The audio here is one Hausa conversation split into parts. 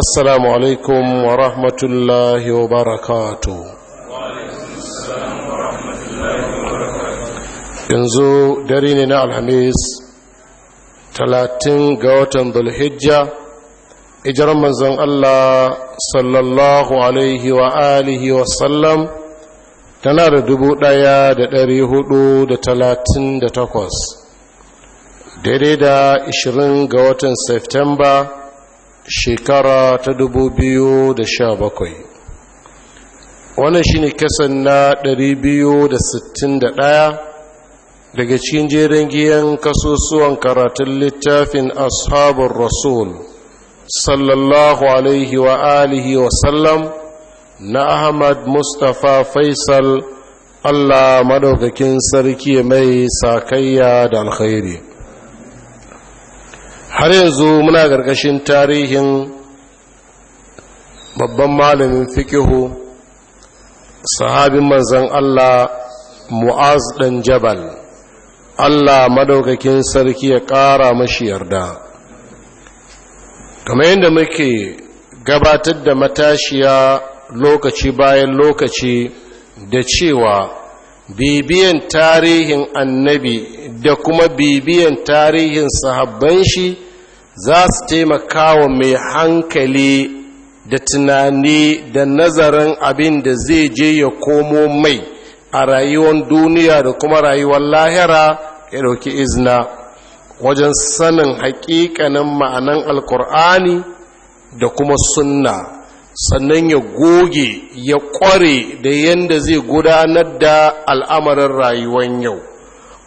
السلام wa ورحمة الله وبركاته yanzu dari ne na alhamis talatin ga watan dulhijja ijiran manzon Allah sallallahu alaihi wa alihi wa sallam tana da dubu ɗaya da dari hudu da talatin da takwas daidai da ishirin ga watan september shekara ta dubu biyu da sha bakwai. wannan shine kasan na biyu da da ɗaya. daga cikin jerin giyan kasusuwan karatun littafin Ashabar rasul sallallahu alaihi wa alihi wa sallam na ahmad mustapha faisal allah madaukakin sarki mai sakayya da alkhairi har yanzu muna gargashin tarihin babban malamin fikihu sahabin manzan Allah mu'az ɗan jabal Allah madaukakin sarki ya ƙara mashi yarda kamar yadda muke gabatar da matashiya lokaci bayan lokaci da cewa bibiyan tarihin annabi da kuma bibiyan tarihin sahabban shi za su taimaka wa mai hankali da tunani da nazarin abin da zai je ya komo mai a rayuwar duniya da kuma rayuwar lahira ya ɗauki izina wajen sanin haƙiƙanin ma'anan alkur'ani da kuma sunna sannan ya goge ya ƙware da yadda zai gudanar da al'amarin rayuwar yau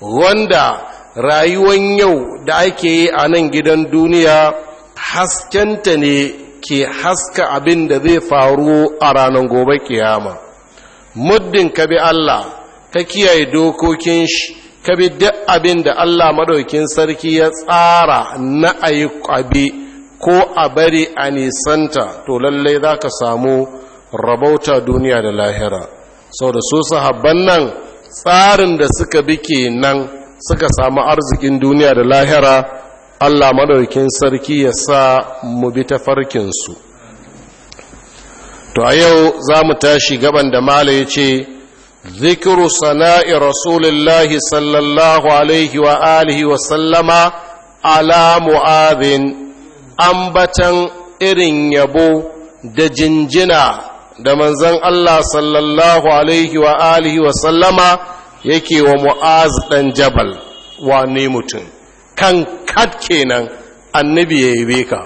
wanda rayuwan yau da ake yi a nan gidan duniya haskenta ne ke haska abin da zai faru a ranar gobe kiyama muddin ka bi Allah ka kiyaye dokokin shi ka bi duk abin da Allah madaukin sarki ya tsara na ayi abi ko a bari a nisanta to lallai za ka samu rabauta duniya da lahira sau da su sahabban nan tsarin da suka bi kenan nan suka samu arzikin duniya da lahira Allah madaukin sarki ya sa mu bi ta su to a yau za mu tashi gaban da mala ya ce zikiru sana'i rasulullahi sallallahu alaihi wa alihi wa sallama ala mu'adhin ambatan irin yabo da jinjina da manzan Allah sallallahu alaihi wa alihi wa sallama yake wa mu'az ɗan jabal wa ne mutum kan kat kenan annabi ya yabe ka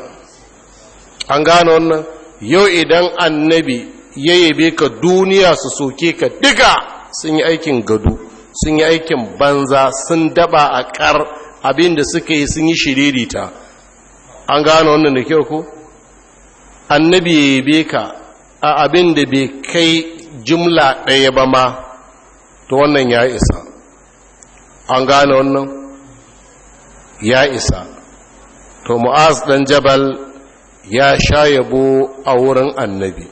an gano wannan yau idan annabi ya yabe ka duniya su soke ka diga sun yi aikin gado sun yi aikin banza sun daba a kar abin da suka yi sun yi shiririta an gano wannan da kyau ko annabi ya yabe ka a abin da bai kai jumla ɗaya ba ma to wannan ya isa an gane wannan ya isa to mu'az dan jabal ya sha yabo a wurin annabi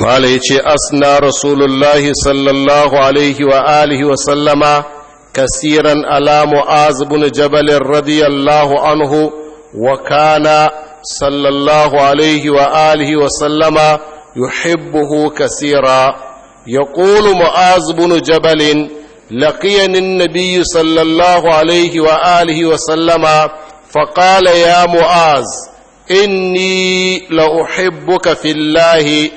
mala ya ce asna rasulullahi sallallahu alaihi wa alihi wa sallama kasiran ala mu'az bin jabalin radiyallahu anhu wa kana sallallahu alaihi wa alihi wa sallama yuhibbuhu kasira يقول معاذ بن جبل لقيني النبي صلى الله عليه وآله وسلم فقال يا معاذ إني لأحبك في الله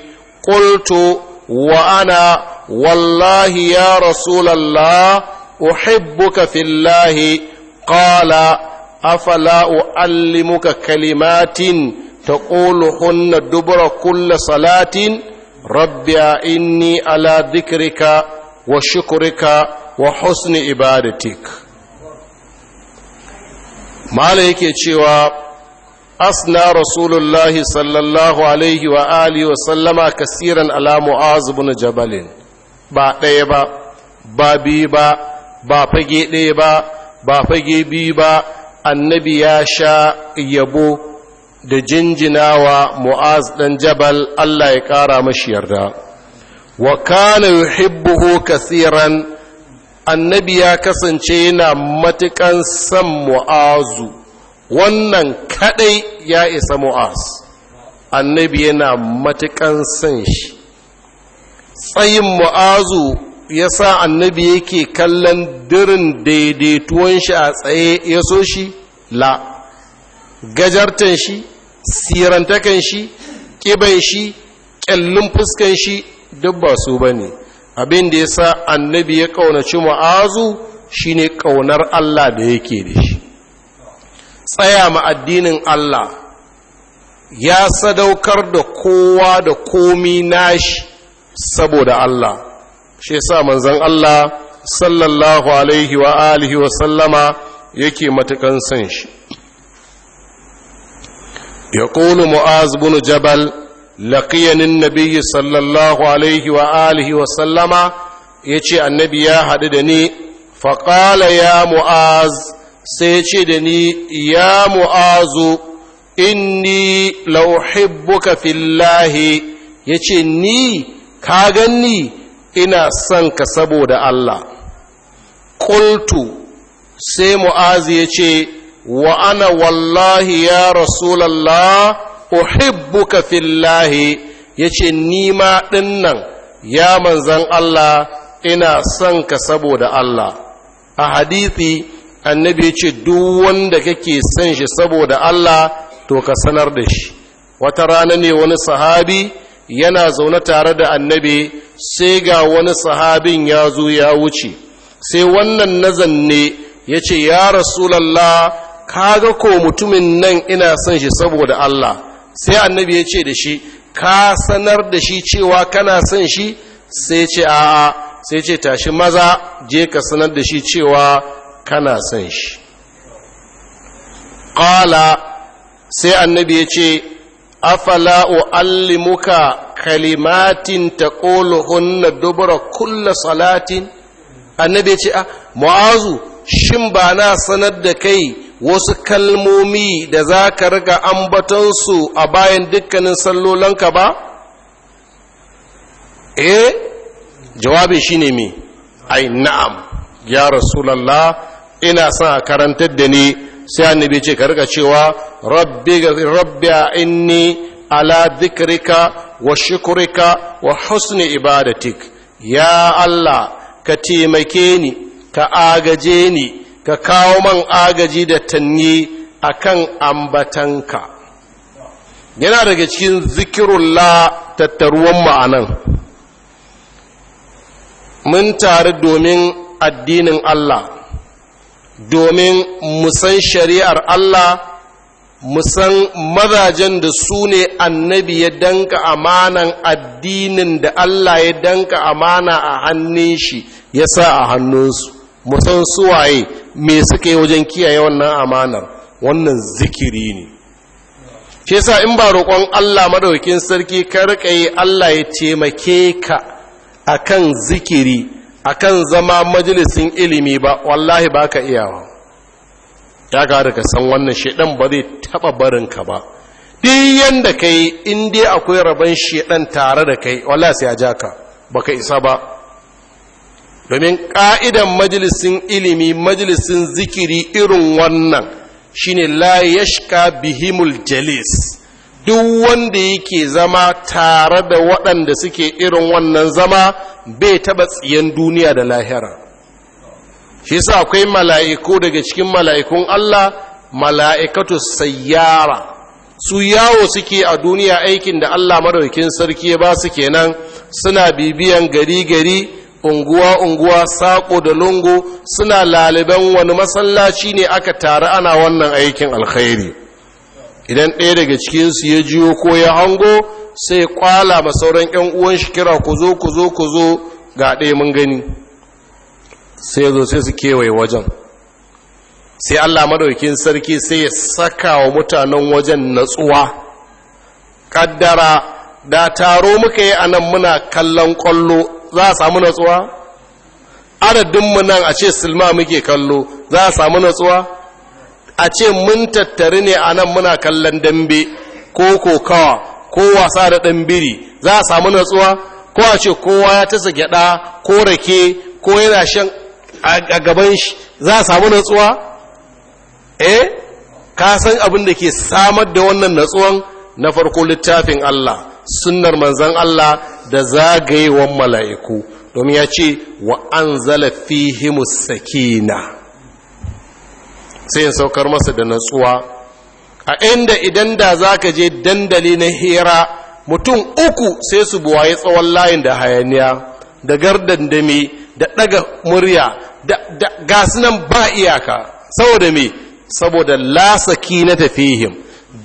قلت وأنا والله يا رسول الله أحبك في الله قال أفلا أعلمك كلمات تقولهن دبر كل صلاة rabbiya inni ala dhikrika wa shukurika wa husni ibadatik mala yake cewa asna rasulullahi sallallahu alaihi wa wa sallama kasiran ala mu'az jabalin ba ɗaya ba ba biyu ba ba fage ɗaya ba ba fage biyu ba annabi ya sha yabo da jinjinawa mu'az dan jabal Allah ya kara mashi yarda wa kana yuhibbuhu kaseeran annabi ya kasance yana matukan san mu'azu wannan kadai ya isa mu'az annabi yana matukan san shi tsayin mu'azu ya sa annabi yake kallon dirin daidaituwan shi a tsaye ya so shi la gajartan shi sirantakan shi ƙiban shi ƙyallin fuskan shi duk ba su ba ne abin da ya sa annabi ya ƙaunaci ma'azu shi ne ƙaunar allah da yake da shi tsaya ma addinin allah ya sadaukar da kowa da komi nashi saboda allah shi sa manzan allah sallallahu alaihi wa alihi wa sallama yake matukan son shi يقول معاذ بن جبل لقيني النبي صلى الله عليه وآله وسلم يجي النبي يا حددني فقال يا معاذ سيتشدني يا معاذ إني لأحبك في الله يجي ني كاغني إنا سنك سبود الله قلت سي معاذ يجي wa ana wallahi ya rasulallah uhibbuka fillahi yace ni ma dinnan ya manzan Allah ina son ka saboda Allah a hadithi annabi yace duk wanda kake son shi saboda Allah to ka sanar da shi wata rana ne wani sahabi yana zaune tare da annabi sai ga wani sahabin ya zo ya wuce sai wannan nazan ne ya ya rasulallah kaga ko mutumin nan ina son shi saboda Allah sai annabi ya ce da shi ka sanar da shi cewa kana son shi sai ce a'a sai ce tashi maza je ka sanar da shi cewa kana son shi qala sai annabi ya ce afala uallimuka kalimatin taquluhunna dubura kulli salatin annabi ya ce a ah, mu'azu shin ba na sanar da kai wasu kalmomi da za ka riga ambatonsu a bayan dukkanin sallolanka ba? eh jawabi shi ne mi ai na'am ya rasulallah ina son a karantar da ni sai annabi ce ka riga cewa rabbi a inni ala zikrika wa shukrika wa husni ibadatik ya allah ka taimake ni ka agaje ni ka kawo man agaji da tanni kan ambatanka yana daga cikin zikirullah tattaruwan ma'anan mun tare domin addinin Allah domin musan shari'ar Allah musan mazajen da su ne annabi ya danka amanan addinin da Allah ya danka amana a hannun shi ya sa a hannunsu musan suwaye me suka yi wajen kiyaye wannan amanar wannan zikiri ne ke sa in ba roƙon Allah madaukin sarki ka yi Allah ya taimake ka akan zikiri akan zama majalisin ilimi ba wallahi ba ka iyawa ya ga ka san wannan shaidan ba zai barin ka ba duk yadda ka in dai akwai rabon shaidan tare da kai wallahi sai ya ja ka baka isa ba domin ƙa'idan majalisin ilimi majalisin zikiri irin wannan shine la yashka bihimul jalis duk wanda yake zama tare da waɗanda suke irin wannan zama bai taɓa tsiyan duniya da lahira shi sa akwai mala'iku daga cikin mala'ikun Allah mala'ikatu sayyara su yawo suke a duniya aikin da Allah madaukin sarki ya ba su kenan suna bibiyan gari-gari unguwa-unguwa saƙo da lungu suna laliban wani masallaci ne aka taru ana wannan aikin alkhairi idan ɗaya daga cikinsu ya jiyo ko ya hango sai kwala ma sauran 'yan uwan shi kira ku zo ku zo ku zo ga ɗaya mun gani sai zo sai su kewaye wajen sai allah maɗaukin sarki sai ya saka wa mutanen wajen natsuwa ƙaddara da taro muka yi a nan muna kallon ƙwallo za a samu natsuwa adadinmu nan a ce silma muke kallo za a samu natsuwa a ce mun tattari ne a nan muna kallon dambe ko kokawa ko wasa da dambiri za a samu natsuwa ko a ce kowa ya tasa gyada, ko rake ko yana shan a gaban shi za a samu natsuwa eh ka san abin da ke samar da wannan natsuwan na farko littafin Allah sunnar manzan Allah da zagayewan mala'iku domin ya ce wa an zala sakina sai in saukar masa da natsuwa a inda idan da za je dandali na hira mutum uku sai su buwaye tsawon layin da hayaniya da dandami da ɗaga murya da gasunan ba iyaka saboda me saboda la na fihim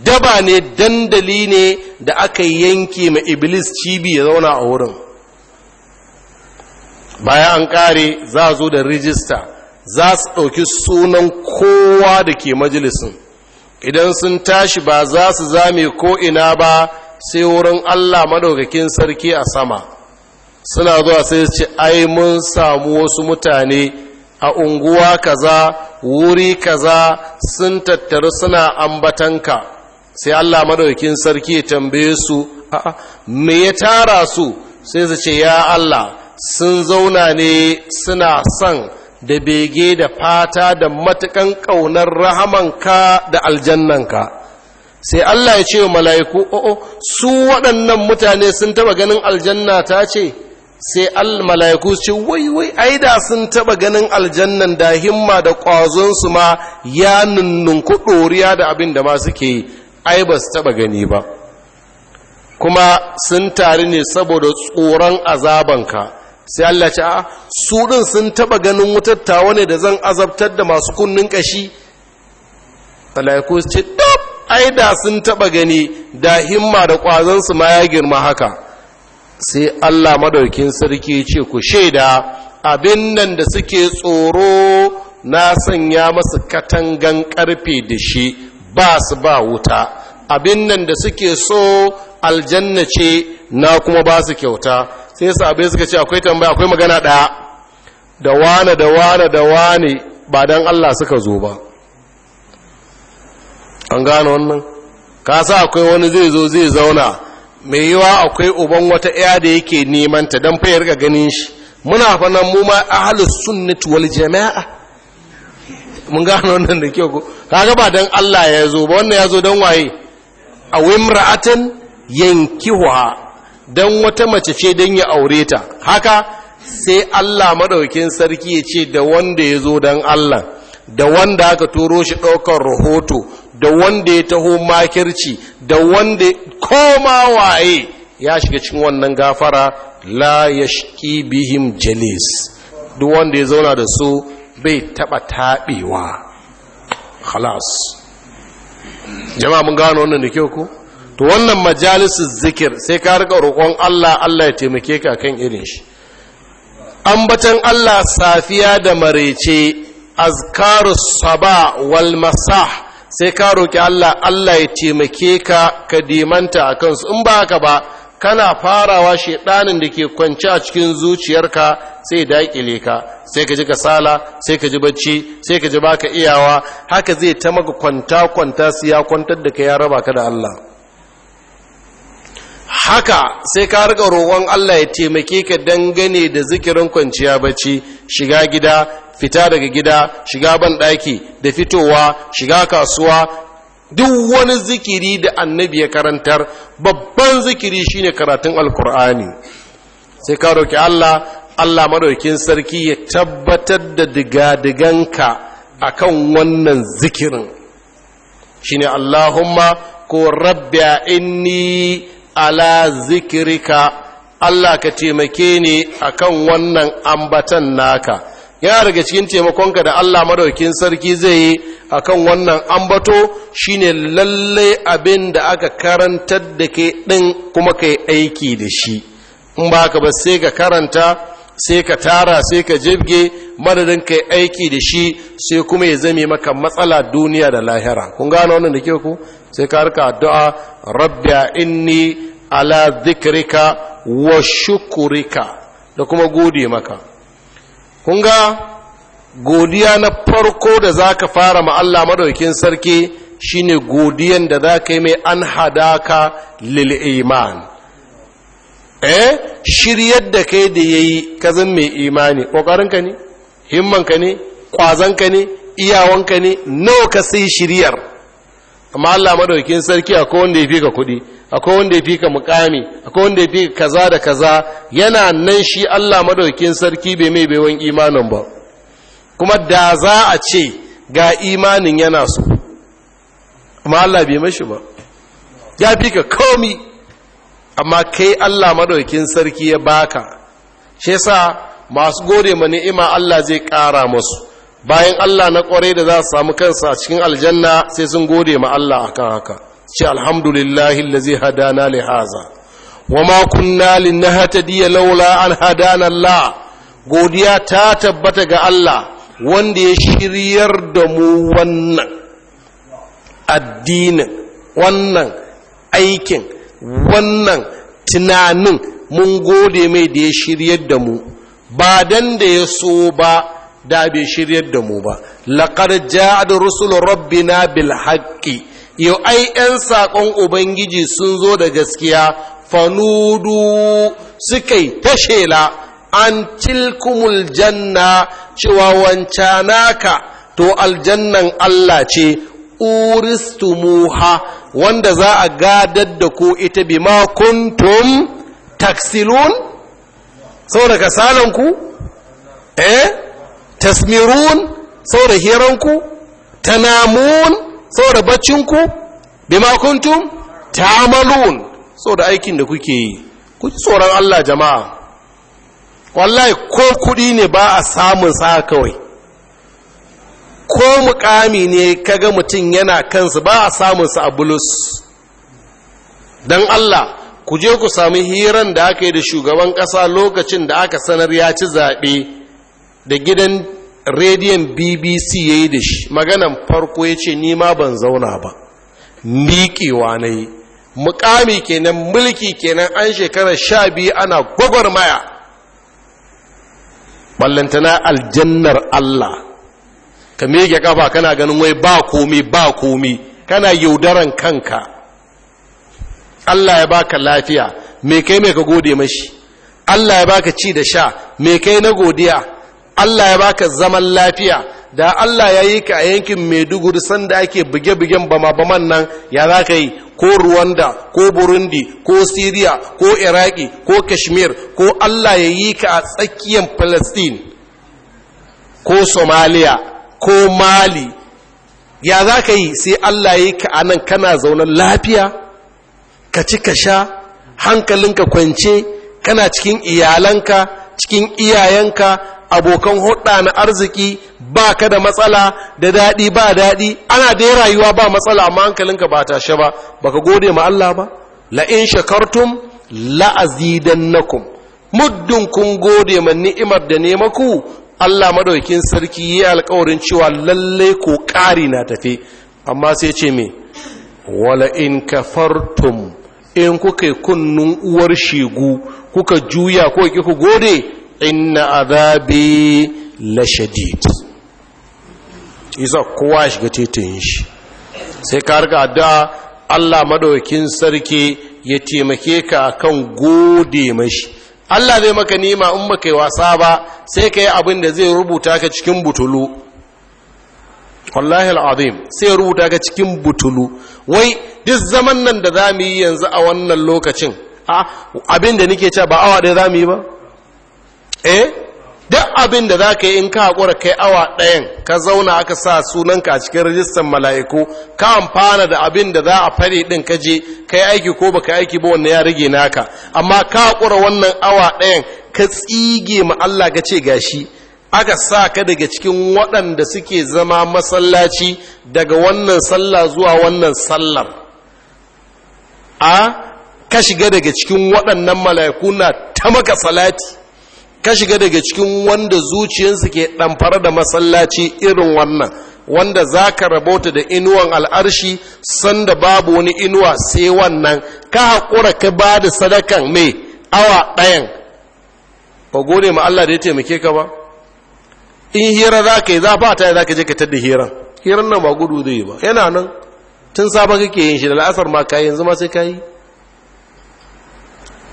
daba ne dandali ne da aka yanke ma iblis cibi ya zauna a wurin Baya an kare za a zo da rijista za su ɗauki sunan kowa da ke majalisin, idan sun tashi ba za su zame ina ba sai wurin allah madaukakin sarki a sama suna zuwa sai su ce ai mun samu wasu mutane a unguwa kaza wuri kaza sun tattaru suna ambatanka sai Allah madaukin sarki ya tambaye su a'a me ya tara su sai su ce ya Allah sun zauna ne suna son da bege da fata da matukan ƙaunar ka da ka. sai Allah ya ce wa mala'iku o'o su waɗannan mutane sun taba ganin aljanna ta ce sai mala'iku ce wai wai ai da sun taba ganin aljannan da himma da ƙwazonsu ma ya nunnunku ɗoriya da abin da ma suke yi ai ba su taba gani ba kuma sun tari ne saboda tsoron azabanka sai Allah ce a su din sun taba ganin wutattawa ne da zan azabtar da masu kunnin kashi talaikus ce dab ai da sun taba gani da himma da kwazon su ma ya girma haka sai Allah madaukin sarki ce ku shaida abin nan da suke tsoro na sanya masu katangan karfe da shi ba su ba wuta abin nan da suke so aljanna ce na kuma ba su kyauta sai su abin suka ce akwai tambaya akwai magana ɗaya da wane da wane da wane ba don Allah suka zo ba an gano wannan ka sa akwai wani zai zo zai zauna mai yiwa akwai uban wata ya da yake nemanta don fayar ga ganin shi muna fanan mu ma ahalus sunnati wal jama'a mun gano wannan da kyau ko kaga ba dan Allah ya zo ba wannan ya zo dan waye a wimra'atin yankihuha dan wata mace ce dan ya aure ta haka sai Allah madaukin sarki ya ce da wanda ya zo dan Allah da wanda aka turo shi ɗaukar rahoto da wanda ya taho makirci da wanda koma waye ya shiga cikin wannan gafara la yashki bihim jalis duk wanda ya zauna da su bai taba taɓewa khalas jama'a mun gano wannan da kyau ko to wannan majalisun zikir sai ka rika roƙon Allah Allah ya taimake ka kan irin shi ambatan Allah safiya da marece azkaru saba wal masah sai ka roƙi Allah Allah ya taimake ka ka dimanta a kansu in ba haka ba kana farawa shedanin da ke kwance a cikin zuciyarka sai daƙile ka sai ka ji kasala sai ka ji bacci sai ka ji baka iyawa haka zai ta maka kwanta kwanta su ya kwantar da ka ya raba ka da Allah haka sai ka riga roƙon Allah ya taimake ka dangane da zikirin kwanciya bacci shiga gida fita daga gida shiga banɗaki da fitowa shiga kasuwa duk wani zikiri da annabi ya karantar babban zikiri shine karatun alkur'ani sai ka roki Allah Allah madaukin sarki ya tabbatar da diga-diganka kan wannan zikirin shine Allahumma ko rabbi inni ala zikirika Allah ka taimake ni kan wannan ambatan naka yana daga cikin taimakonka da Allah madaukin sarki zai yi akan wannan ambato shine lallai abin da aka karantar da ke din kuma kai aiki da shi in ba ka ba sai ka karanta sai ka tara sai ka jibge madadin kai aiki da shi sai kuma ya zame maka matsala duniya da lahira kun gano wannan da ke ku sai ka harka addu'a rabbi inni ala zikirika wa shukurika da kuma gode maka kun ga godiya na farko da za ka fara ma Allah madaukin sarki shine godiyan da za ka yi mai an hadaka lil iman eh shiryar da kai da yayi ka zan mai imani kokarinka ne himmanka ne kwazanka ne iyawanka ne nawa ka sai shiryar amma Allah madaukin sarki a wanda ya fi ka kuɗi akwai wanda ya fi ka mukami akwai wanda ya fi kaza da kaza yana nan shi Allah madaukin sarki bai mai baiwan imanin ba kuma da za a ce ga imanin yana so amma Allah bai mashi ba ya fi ka komi amma kai Allah madaukin sarki ya baka shi yasa masu gode ma ni'ima Allah zai kara masu, bayan Allah na ƙwarai da za su samu kansa cikin aljanna sai sun gode ma Allah akan haka ce alhamdulillahi allazi hadana li haza wa ma kunna diya laula an hadana Allah godiya ta tabbata ga Allah wanda ya shiryar da mu wannan addinin wannan aikin wannan tunanin mun gode mai da ya shiryar da mu ba dan da ya so ba da bai shiryar da mu ba laqad ja'a rusul rabbina bil haqqi yau ai 'yan saƙon ubangiji sun zo da gaskiya fanudu suka yi ta shela an tilkumul janna cewa wancanaka to aljannan Allah ce muha, wanda za a gadar da ku ita bima kuntum taksilun saboda kasalanku eh tasmirun saboda hiranku tanamun saboda baccinku bima kuntum ta'malun saboda aikin da kuke yi ku ji tsoron Allah jama'a wallahi ko kudi ne ba a samun sa kawai ko mukami ne kaga mutum yana kansu ba a samun sa a bulus dan Allah ku je ku sami hiran da aka yi da shugaban kasa lokacin da aka sanar ya ci zaɓe da gidan rediyon bbc ya yi da shi maganan farko ya ce nima ban zauna ba miƙewa na yi mukami kenan mulki kenan an shekara sha biyu ana gwagwarmaya ballantana aljannar allah ka mege kafa kana ganin wai ba komi ba komi kana yaudaran kanka Allah ya baka lafiya me kai me ka gode mashi Allah ya baka ci da sha me kai na godiya Allah ya baka zaman lafiya da Allah ya yi ka a yankin Maiduguri sanda ake buge-bugen bama-baman nan ya za ka yi ko Rwanda ko Burundi ko Siriya ko Iraki ko Kashmir ko Allah ya yi ka a tsakiyar Palestine ko Somalia ko Mali ya za ka yi sai Allah ya yi ka a nan kana zaunar lafiya ka ci ka sha hankalinka kwance kana cikin iyalanka cikin iyayenka abokan hudda na arziki ba ka da matsala da daɗi ba daɗi ana da rayuwa ba matsala amma hankalinka ba ta sha ba ba ka gode ma Allah ba la'in shakartum la'azidannakum muddin kun gode ma ni'imar da nemaku Allah maɗaukin sarki yi alkawarin cewa lalle ko ƙari na tafi amma sai ce me wala in kafartum in kuka kunnun uwar shegu kuka juya ko ki ku gode inna azabi lashadid isa kowa shiga titin shi sai ka riga da Allah madaukakin sarki ya taimake ka akan gode mashi Allah zai maka nima in maka yi wasa ba sai ka yi abin da zai rubuta ka cikin butulu wallahi al'azim sai rubuta ka cikin butulu wai duk zaman nan da za mu yi yanzu a wannan lokacin abin da nake ce ba awa ɗaya za mu yi ba eh duk abin da za ka yi in ka haƙura kai awa ɗayan ka zauna aka sa sunanka a cikin rajistan mala'iku ka amfana da abin da za a fare ɗin ka je ka aiki ko baka aiki ba wanda ya rage naka amma ka haƙura wannan awa ɗayan ka tsige ma Allah ka ce gashi aka sa ka daga cikin waɗanda suke zama masallaci daga wannan sallah zuwa wannan sallar a ka shiga daga cikin waɗannan mala'iku na ta maka salati ka shiga daga cikin wanda zuciyarsa ke ɗamfara da masallaci irin wannan wanda za ka rabota da inuwan al'arshi sanda babu wani inuwa sai wannan ka haƙura ka ba da sadakan mai awa ɗayan ba gode ma Allah da ya taimake ka ba in hira za ka yi za ba ta za ka je ka tadda hiran hiran nan ba gudu zai yi ba yana nan tun sabon kake yin shi da la'asar ma ka yi yanzu ma sai ka yi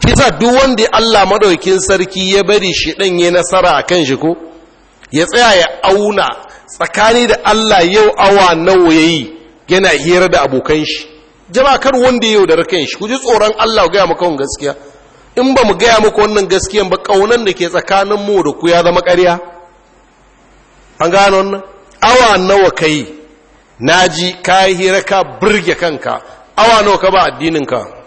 kisa duk wanda Allah madaukin sarki ya bari shi dan yayi nasara akan shi ko ya tsaya ya auna tsakani da Allah yau awa nawa yayi yana hira da abokan shi jama'a kar wanda yau da rakan shi ku ji tsoron Allah ga maka wannan gaskiya in ba mu gaya maku wannan gaskiyan ba kaunan da ke tsakanin mu da ku ya zama ƙarya an gano wannan awa nawa kai naji ka hira ka burge kanka awa nawa ka ba addinin ka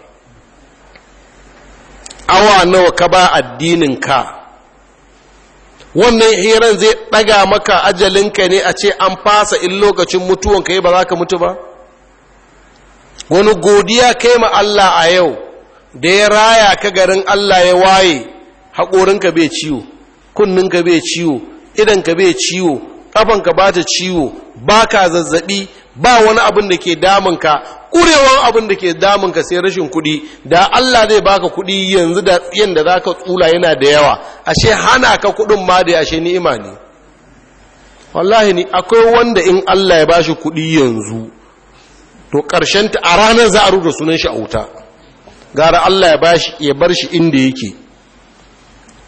awa nawa ka ba addinin ka? wannan hiran zai ɗaga maka ajalinka ne a ce an fasa in lokacin mutuwan yi ba za ka mutu ba wani godiya kai ma Allah a yau da ya raya ka garin Allah ya waye haƙorinka bai ciwo kunninka bai ciwo idanka bai ciwo ƙafanka ba ta ciwo ba ka zazzaɓi ba wani abin da ke damunka ƙurewar abin da ke damunka sai rashin kuɗi da Allah zai baka kuɗi yanzu da tsiyan da za ka tsula yana da yawa ashe hana ka kuɗin ma da ashe ni'ima ne wallahi ni akwai wanda in Allah ya bashi kuɗi yanzu to ƙarshen ta a ranar za a rubuta sunan shi a wuta gara Allah ya bashi ya bar shi inda yake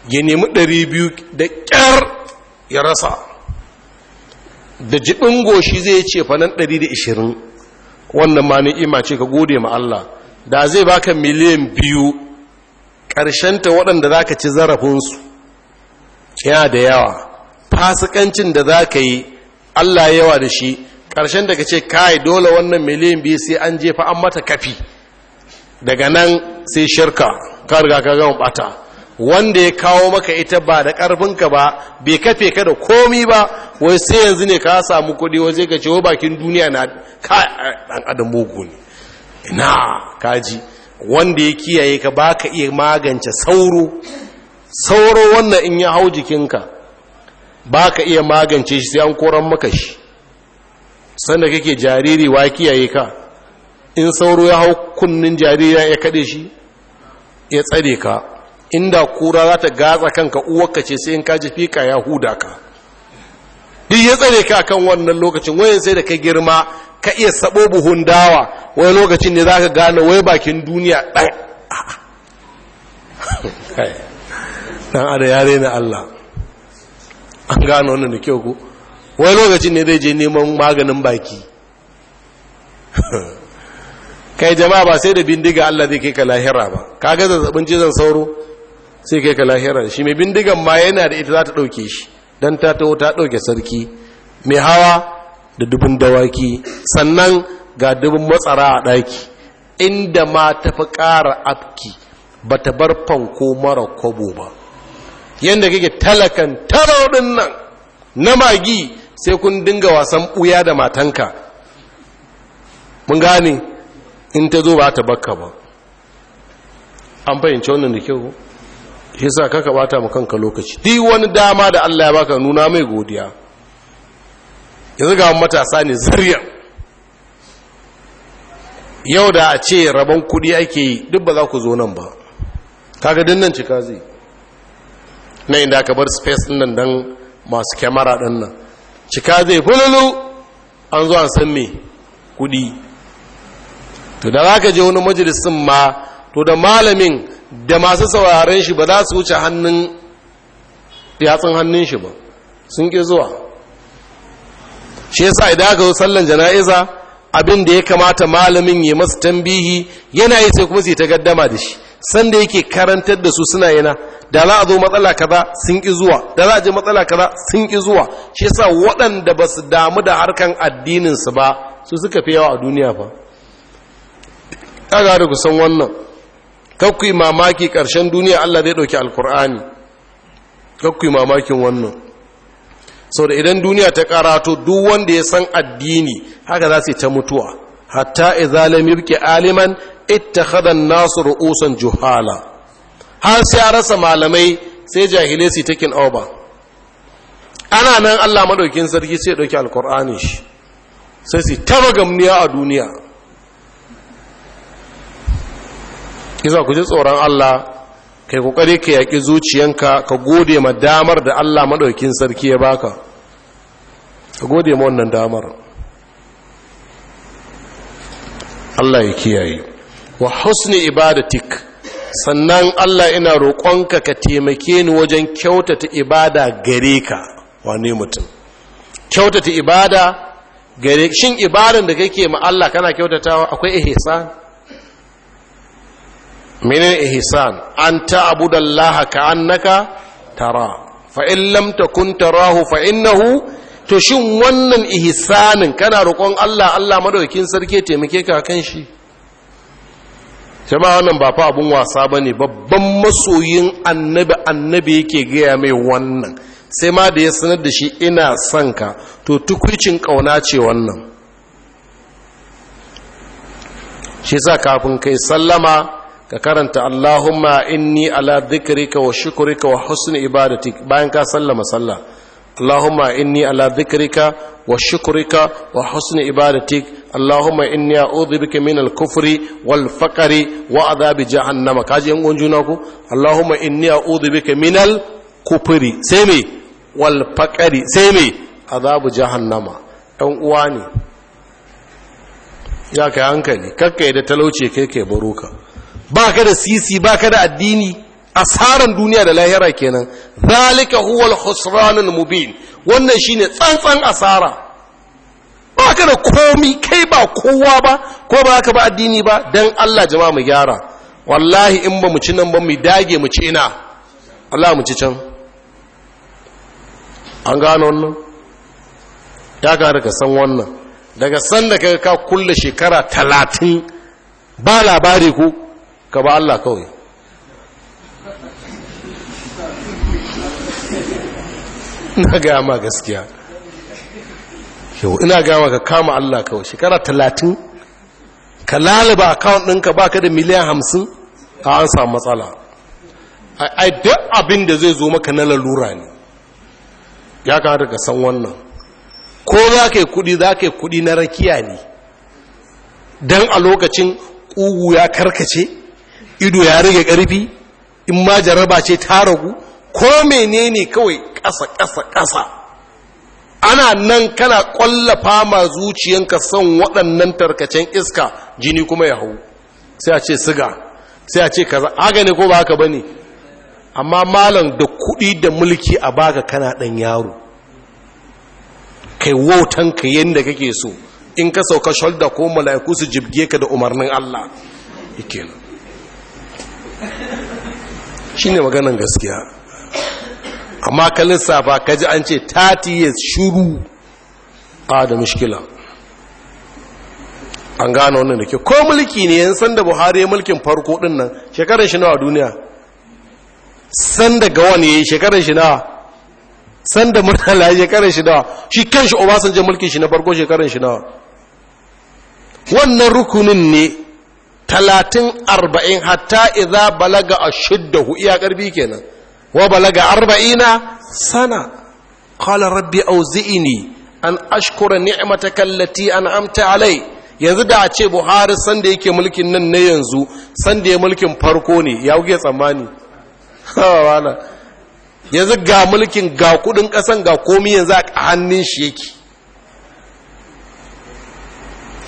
ya nemi ɗari biyu da ƙyar ya rasa da jibin goshi zai ce fanan 120 wannan ma ni'ima ce ka gode ma Allah da zai baka miliyan biyu ƙarshenta waɗanda za ka ci zarafinsu yana da yawa fasikancin da za ka yi Allah yawa da shi ƙarshen da ka ce kai dole wannan miliyan biyu sai an jefa an mata kafi daga nan sai shirka ka riga ka gama bata wanda ya kawo maka ita ba da ƙarfinka ba bai kafe ka da komi ba wai sai yanzu ne ka samu kuɗi waje ka ce bakin duniya na ka ɗan adam mugu ne ina kaji wanda ya kiyaye ka ba ka iya magance sauro sauro wannan in ya hau jikinka ba ka iya magance shi sai an koran maka shi sanda kake jariri wa kiyaye ka in sauro ya hau kunnin jariri ya kaɗe shi ya tsare ka inda kura za ta gatsa kanka uwaka ce sai in ka ji ka ya huda ka duk ya tsare ka kan wannan lokacin wayan sai da ka girma ka iya sabo buhun dawa wai lokacin ne za ka gane wai bakin duniya ɗan ɗan ada ya rena Allah an gano wannan da kyau ku wai lokacin ne zai je neman maganin baki kai jama'a ba sai da bindiga Allah zai kai ka lahira ba Ka ga zazzabin cizon sauro sai kai ka lahira shi mai bindigan ma yana da ita za ta ɗauke shi don ta taho ta ɗauke sarki mai hawa da dubin dawaki sannan ga dubin matsara a ɗaki inda ma ta fi ƙara afki ba ta bar fanko mara kwabo ba yadda kake talakan tarauɗin nan na magi sai kun dinga wasan ɓuya da matanka mun gane in ta zo ba ta bakka ba an fahimci wannan da kyau yasa kaka bata mu kanka lokaci duk wani dama da Allah ya baka nuna mai godiya yanzu ga matasa ne zariya yau da a ce rabon kudi ake yi duk ba za ku zo nan ba kaga din nan cika zai na inda aka bar space nan dan masu kyamara din nan cika zai fululu an zo an san me kudi to da za ka je wani majalisin ma to da malamin da masu sauraren shi ba za su wuce hannun yatsun hannun shi ba sun ƙi zuwa shi yasa idan aka zo sallan jana'iza abin da ya kamata malamin ya masu tambihi yana yi sai kuma sai ta gaddama da shi sanda yake karantar da su suna yana da za a zo matsala kaza sun ƙi zuwa da za a je matsala kaza sun ƙi zuwa shi yasa waɗanda ba su damu da harkan addininsu ba su suka fi yawa a duniya fa kaga da kusan wannan kakwai mamaki ƙarshen duniya Allah zai ɗauki alkur'ani kakwai mamakin wannan sau da idan duniya ta karato duk wanda ya san addini haka za su yi ta mutuwa hatta izalim yabki aliman ita an-nasu ra'usan juhala har sai rasa malamai sai jahilai su ta kin auba ana nan Allah madaukin sarki sai dauki alkur'ani shi sai su ta magamniya a duniya Kisa ku ji tsoron Allah kai kokari ka yaki zuciyanka ka gode ma damar da Allah madaukin sarki ya baka ka gode ma wannan damar Allah ya kiyaye wa husni ibadatik sannan Allah ina roƙonka ka taimake ni wajen kyautata ibada gare ka wane mutum kyautata ibada gare shin ibadan da kake ma Allah kana kyautatawa akwai ihsan mene ihsan an ta'budallaha annaka tara fa in lam takun tarahu fa to shin wannan ihsanin kana roƙon Allah Allah madaukakin sarki taimake ka kan shi jama'a wannan ba fa abun wasa bane babban masoyin annabi annabi yake gaya mai wannan sai ma da ya sanar da shi ina son ka to tukwicin kauna ce wannan shi sa kafin kai sallama ka karanta Allahumma inni ala dhikrika wa shukrika wa husni ibadatik bayan ka sallama sallah Allahumma inni ala dhikrika wa shukrika wa husni ibadatik Allahumma inni a'udhu bika min al-kufri wal faqri wa adhabi jahannama kaji yan gonjuna ku Allahumma inni a'udhu bika min al-kufri sai me wal faqri sai me adhabu jahannama Dan uwa ne ya kai hankali kakkai da talauce kai kai baruka ba ka da sisi ba ka da addini asaran duniya da lahira kenan zalika huwal khusranul mubin wannan shine tsantsan asara ba ka da komi kai ba kowa ba ko ba ka ba addini ba dan Allah jama'a mu gyara wallahi in ba mu ci nan ba mu dage mu ci ina Allah mu ci can an gano wannan ya ga ka san wannan daga san da ka kulle shekara talatin ba labari ko ka ba Allah kawai ina gaya ma gaskiya yau ina gaya ka kama Allah kawai shekara talatin ka lalaba akawun ɗinka ba ka da miliyan hamsin a an samu matsala ai duk abin da zai zo maka na lalura ne ya kamata ka san wannan ko za ka yi kuɗi za ka yi kuɗi na rakiya ne don a lokacin ƙugu ya karkace ido ya rage ƙarfi in ma jaraba ce ta ragu ko menene kawai ƙasa ƙasa ƙasa ana nan kana ƙwallafa ma zuciyanka son waɗannan tarkacen iska jini kuma ya hau sai a ce siga sai a ce kaza haka ko ba ka ba ne amma malam da kuɗi da mulki a baka kana ɗan yaro kai wautanka yadda kake so in ka sauka shalda ko mala'iku su jibge ka da umarnin Allah yake ne maganan gaskiya amma ka lissafa ka ji an ce 30 years shuru a da mushkila an gano wannan da ke ko mulki ne yin san da buhari mulkin farko din nan shekarar shi nawa duniya san da gawan ya yi shekarar shi nawa san da murtala ya yi shekarar shi nawa shi kanshi obasanjo mulkin shi na farko shekarar shi nawa wannan rukunin ne talatin arba'in hatta iza balaga a shiddahu iya ƙarfi kenan wa balaga arba'ina sana qala rabbi auzi'ini an ashkura ni'mataka allati an'amta alai yanzu da a ce buhari sanda yake mulkin nan ne yanzu da ya mulkin farko ne ya kuke tsammani yanzu ga mulkin ga kudin kasan ga komi yanzu a hannun shi yake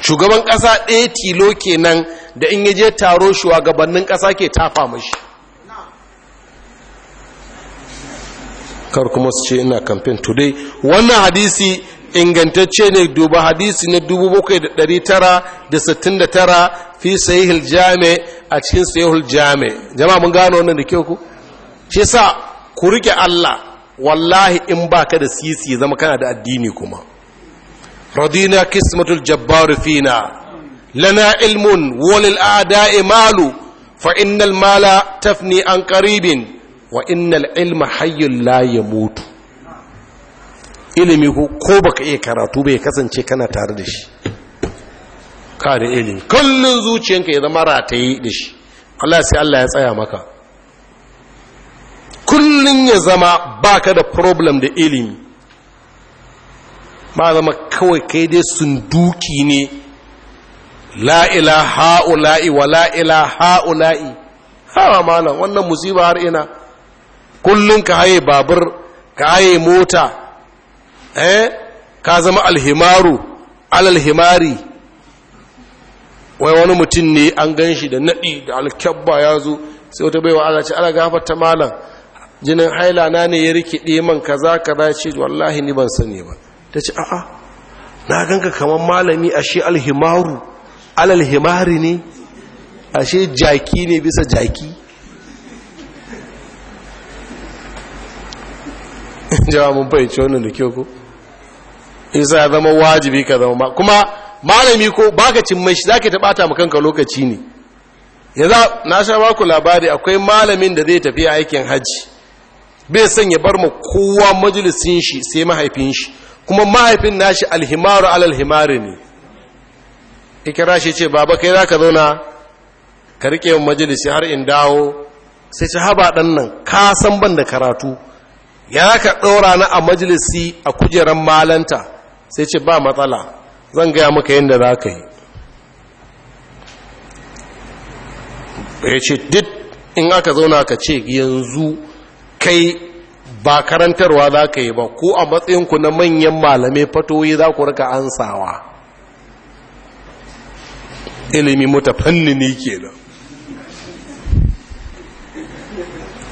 shugaban kasa ɗaya tilo kenan da in yaje taro shugabannin kasa ke tafa mashi kar kuma su ce ina kamfen today wannan hadisi ingantacce ne duba hadisi na 7969 fi sahihul jami a cikin sahihul jami jama'a mun gano wannan da kyau ku ce sa ku rike Allah wallahi in baka da sisi zama kana da addini kuma radina kismatul jabbar fina lana ilmun walil a'da'i malu fa innal mala tafni an karibin wa innal ilma hayyul la yamutu ilimi ko ko baka iya karatu bai kasance kana tare da shi ka da ilimi kullun zuciyanka ya zama rataye da shi Allah sai Allah ya tsaya maka kullun ya zama baka da problem da ilimi ma zama kawai kai dai sunduki ne la'ila ha'ula'i wa la'ila ha'ula'i hawa malam wannan musiba har ina kullum ka haye babur ka haye mota eh ka zama alhimaru alalhimari wai wani mutum ne an gan shi da naɗi da alkyabba ya zo sai wata baiwa ala ce ala gafarta malam jinin haila na ne ya rike man kaza kaza ce wallahi ni ban sani ba ta ce a'a na ganka kamar malami ashe alhimaru alal himari ne ashe jaki ne bisa jaki jawa mun fahimci wannan da kyau ko isa zama wajibi ka zama kuma malami ko baka cin mashi zaka ta bata makanka lokaci ne za na sha baku labari akwai malamin da zai tafi aikin hajji bai son ya bar ma kowa majalisin shi sai mahaifin shi kuma mahaifin nashi alhimaru alal himari ne Ikira shi ce baba kai za ka zauna ka riƙe yin majalisi har in dawo sai ci haba ɗan nan kasan san ban da karatu ya ka ɗora na a majalisi a kujerar malanta sai ce ba matsala zan gaya maka yadda za ka yi ya ce duk in aka zauna ka ce yanzu kai ba karantarwa za ka yi ba ko a matsayinku na manyan malamai fatoyi za ku rika ansawa ilimi mutafannini kenan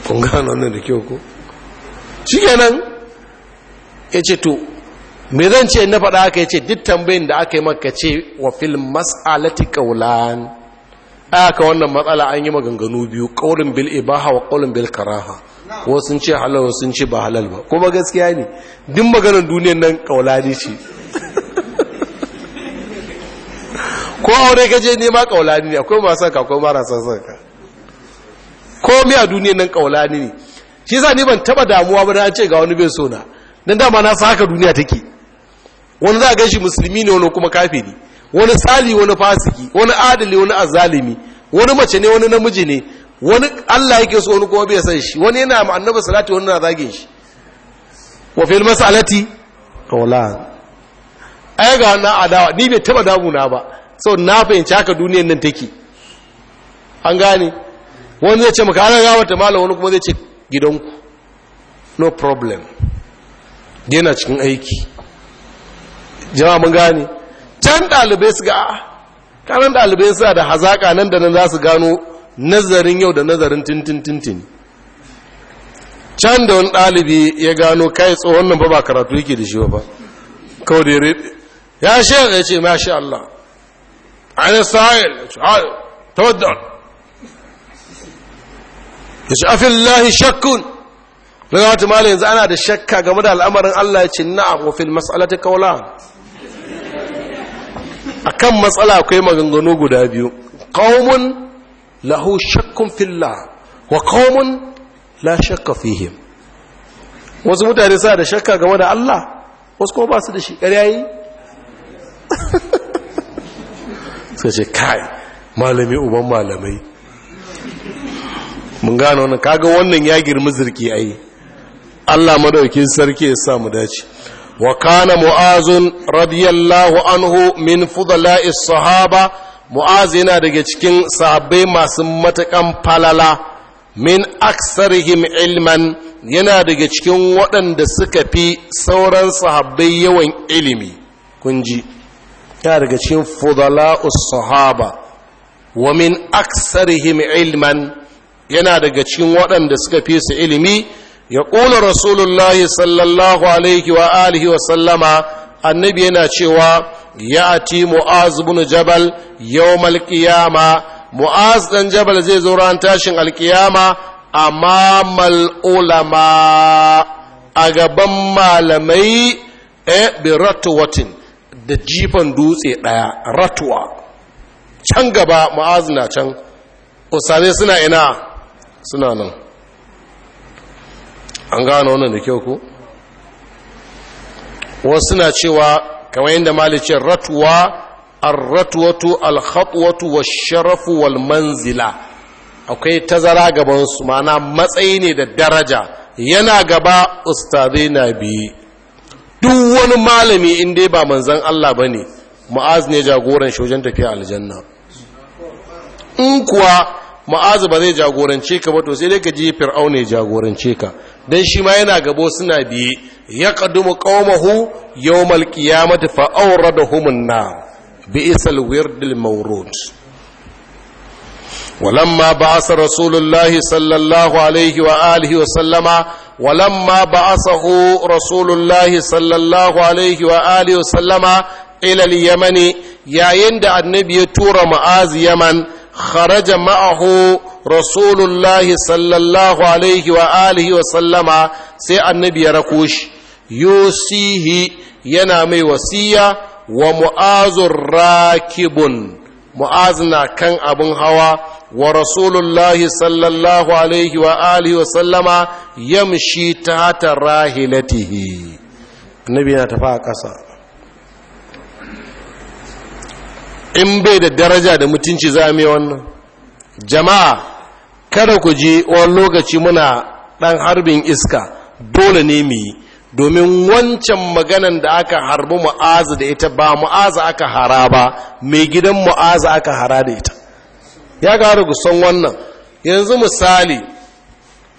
kun gano nan da kyau ko shikenan yace to me zan ce na faɗa aka yace duk tambayin da aka yi maka ce wa fil mas'alati qawlan aka wannan matsala an yi maganganu biyu qawlun bil ibaha wa qawlun bil karaha ko sun ce halal sun ce ba halal ba kuma gaskiya ne duk maganar duniyar nan qawlani ce ko aure gaje nema kaulani ne akwai masu sanka, akwai marasa son ka komai a duniya nan kaulani ne shi za ni ban taba damuwa ba na ce ga wani bai sona? Don dama na saka duniya take wani za a gaishi musulmi ne wani kuma ne wani sali wani fasiki wani adali wani azalimi wani mace ne wani namiji ne wani Allah yake so wani kuma bai san shi wani yana ma annabi salati wani na zage shi wa fil mas'alati qawlan ai ga na adawa ni bai taba damuna ba so na fahimci haka duniyan nan take an gane wani zai ce maka ana ta malam wani kuma zai ce gidanku no problem yana cikin aiki jama'a mun gane can dalibai su ga ah, karan dalibai suna da hazaƙa nan da nan za su gano nazarin yau da nazarin tintintintin can da wani dalibi ya gano kai tsohon nan ba ba karatu yake da shi ba kawai da ya ya ce ma Allah عن السائل تودع yace afillahi shakkun daga wata yanzu ana da shakka game da al'amarin Allah ya ce na'am wa fil mas'alati qawlan akan matsala akwai maganganu guda biyu qaumun lahu shakkun wa wasu mutane sa da shakka game da Allah wasu kuma ba su da shi ƙarya yi suka ce kai malami uban malamai mun gano wannan kaga wannan ya girma zirki ai Allah madaukin sarki ya sa mu dace wa kana mu'azun radiyallahu anhu min fudala'i sahaba mu'az yana daga cikin sahabbai masu matakan falala min aksarihim ilman yana daga cikin waɗanda suka fi sauran sahabbai yawan ilimi kun ji yana daga cikin fudala sahaba wa min aksarihim ilman yana daga cikin waɗanda suka fi su ilimi ya ƙula rasulullahi sallallahu alaihi wa alihi wa sallama annabi yana cewa ya ati mu'az bin jabal yau qiyama mu'az dan jabal zai zo ran tashin alqiyama mal ulama a gaban malamai eh, bi ratwatin da jifan dutse ɗaya ratuwa can gaba ma'azina na can usame suna ina suna nan an gano wannan da kyau ko wasu na cewa kamar yadda malice ratuwa arratuwatu alhatuwatu wa sharafu wal manzila akwai tazara gabansu ma'ana matsayi ne da daraja yana gaba ustazai na biyu duk wani malami in dai ba manzan Allah ba ne ma'az ne jagoran shojen tafiya aljanna in kuwa ma'az ba zai jagorance ka ba to sai dai ka je fir'aun ya jagorance ka dan shi ma yana gabo suna biye ya qadumu qaumahu yawmal qiyamati fa awradahum an-nar isal wirdil mawrud ولما بعث رسول الله صلى الله عليه وآله وسلم ولما بعثه رسول الله صلى الله عليه وآله وسلم إلى اليمن يا يند النبي تور معاذ يمن خرج معه رسول الله صلى الله عليه وآله وسلم سي النبي ركوش يوسيه ينامي وسيا ومعاذ راكب معاذ كان أبن هوا wa rasulullahi sallallahu alaihi wa alihi wa sallama yamshi ta rahilatihi annabi na tafa a ƙasa in bai da daraja da mutunci za mu wannan jama'a kada ku je wani lokaci muna ɗan harbin iska dole ne mu yi domin wancan maganan da aka harbi mu'azu da ita ba mu'azu aka hara ba mai gidan mu'azu aka hara da ita ya gara gusan wannan yanzu misali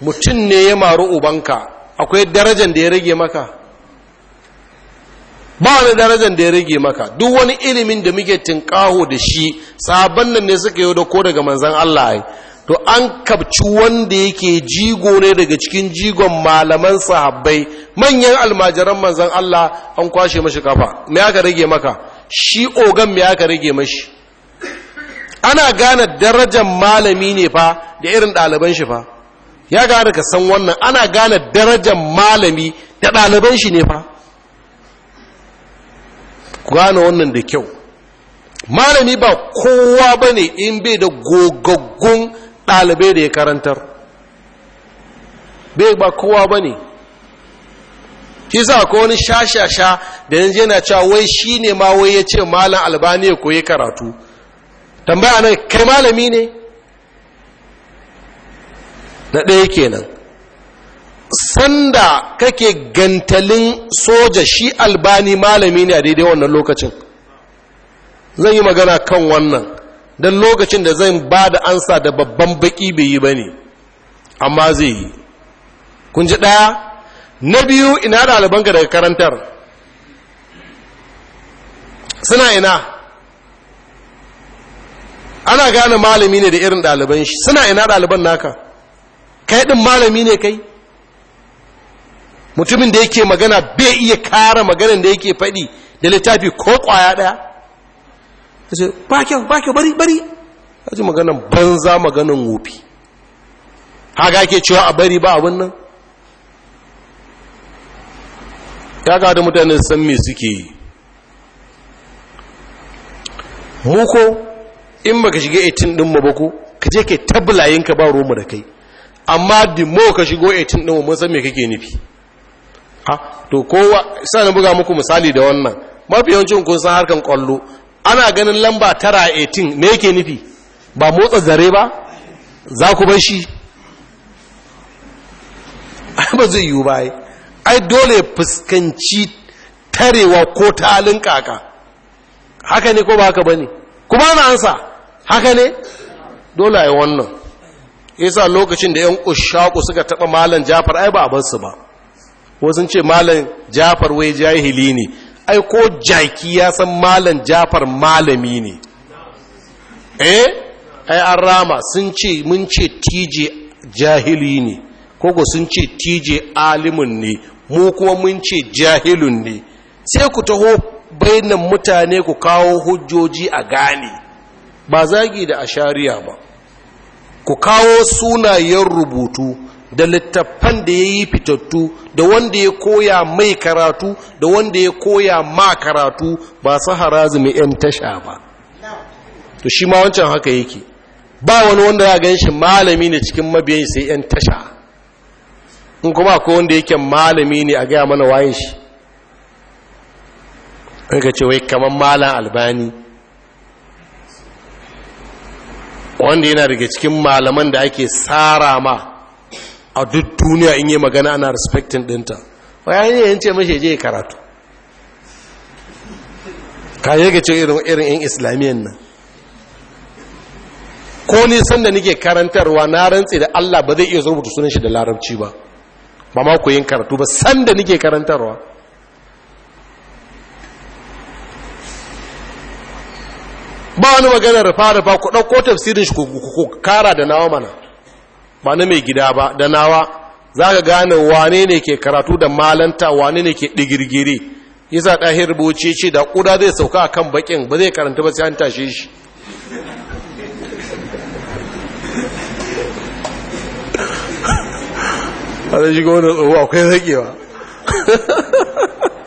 mutum ne ya maru ubanka akwai darajan da ya rage maka ba wani darajan da ya rage maka duk wani ilimin da muke tinkaho da shi sabon nan ne suka yi da ko daga manzan Allah ai to an kabci wanda yake jigo ne daga cikin jigon malaman sahabbai manyan almajiran manzan Allah an kwashe mashi kafa me aka rage maka shi ogan me aka rage mashi ana gane darajar malami ne fa da irin ɗaliban shi fa ya gane ka san wannan ana gane darajar malami da ɗaliban shi ne fa ku gane wannan da kyau malami ba kowa ba ne in bai da gogaggun ɗalibai da ya karantar bai ba kowa ba ne shi za ko wani shashasha da yanzu yana cewa wai shi ne ma wai ya ce malam albani ya koyi karatu tambaya nan kai malami ne na ɗaya kenan sanda kake gantalin soja shi albani malami ne a daidai wannan lokacin zan yi magana kan wannan don lokacin da zan ba da ansa da babban baki bai yi ba ne amma zai yi kun ji ɗaya na biyu ina da daga karantar suna ina ana gane malami ne da irin ɗaliban shi suna ina ɗaliban naka kai ɗin malami ne kai mutumin da yake magana bai iya kara maganan da yake faɗi da littafi ko ƙwaya ɗaya sai ba kyau ba kyau bari bari ta ce maganan banza maganan wofi haka ke cewa a bari ba abin nan ya ga da mutane san me suke yi muko in ba ka shiga 18 din mu ba ko ka je ka tablayin ka ba ruwanmu da kai amma mo ka shigo 18 ɗin mu mun san me kake nufi ha ah, to kowa sai na buga muku misali da wannan mafi yawancin kun san harkan kwallo ana ganin lamba tara 18 me yake nufi ba motsa zare ba za ku bar shi ba zai yiwu ba ai dole fuskanci tarewa ko talin kaka haka ne ko ba haka bane kuma na ansa haka ne dole yi wannan yasa lokacin da 'yan ushaku suka taɓa malan jafar ai ba a bansu ba wasu ce malan jafar wai jahili ne ai ko jaki ya san malan jafar malami ne eh ai an rama sun ce mun ce tije jahili ne koko sun ce tije alimun ne mu kuma mun ce jahilun ne sai ku taho bainan mutane ku kawo hujjoji a gane ba zagi da ashariya ba ku kawo sunayen rubutu da littattafan da ya yi fitattu da wanda ya koya mai karatu da wanda ya koya ma karatu ba su harazumi 'yan tasha ba to shi ma wancan haka yake ba wani wanda ya gan shi malami ne cikin mabiyan sai 'yan tasha in kuma akwai wanda yake malami ne a gaya mana waye shi ka ce wai kamar malam albani wanda yana daga cikin malaman da ake tsara ma a duk duniya in yi magana ana respectin dinta bayan yayin ce mashi je karatu Ka ga ce irin yan islamiyan nan ko nisan da nike karantarwa na rantse da allah ba zai iya rubuta sunan shi da larabci ba ba ma ku yin karatu ba sanda nike karantarwa ba wani maganar rufa-rufa ku ɗauko tafsirin shi ku kara da nawa mana ba na mai gida ba da nawa za ka gane wane ne ke karatu da malanta wane ne ke digirgiri yasa ɗahir rubuce ce da ƙuda zai sauka kan bakin ba zai karanta ba sai an tashe shi a zai shiga wani tsohuwa akwai zaƙewa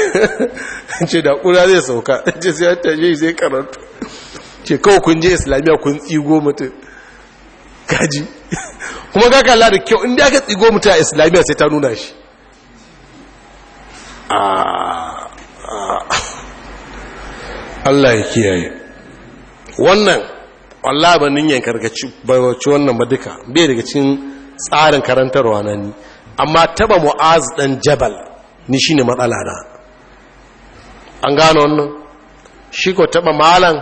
ce da kura zai sauka ce sai an tashe zai karatu ce kawai kun je islamiyya kun tsigo mutum kaji kuma ga kala da kyau inda aka tsigo mutum a islamiyya sai ta nuna shi ah, ah. Allah ya kiyaye wannan Allah ba ninyan karkaci bayawaci wannan ba duka bai daga cikin tsarin karantarwa nan amma taba mu'az dan jabal ni shine matsala na an gano wannan shi ko taɓa malan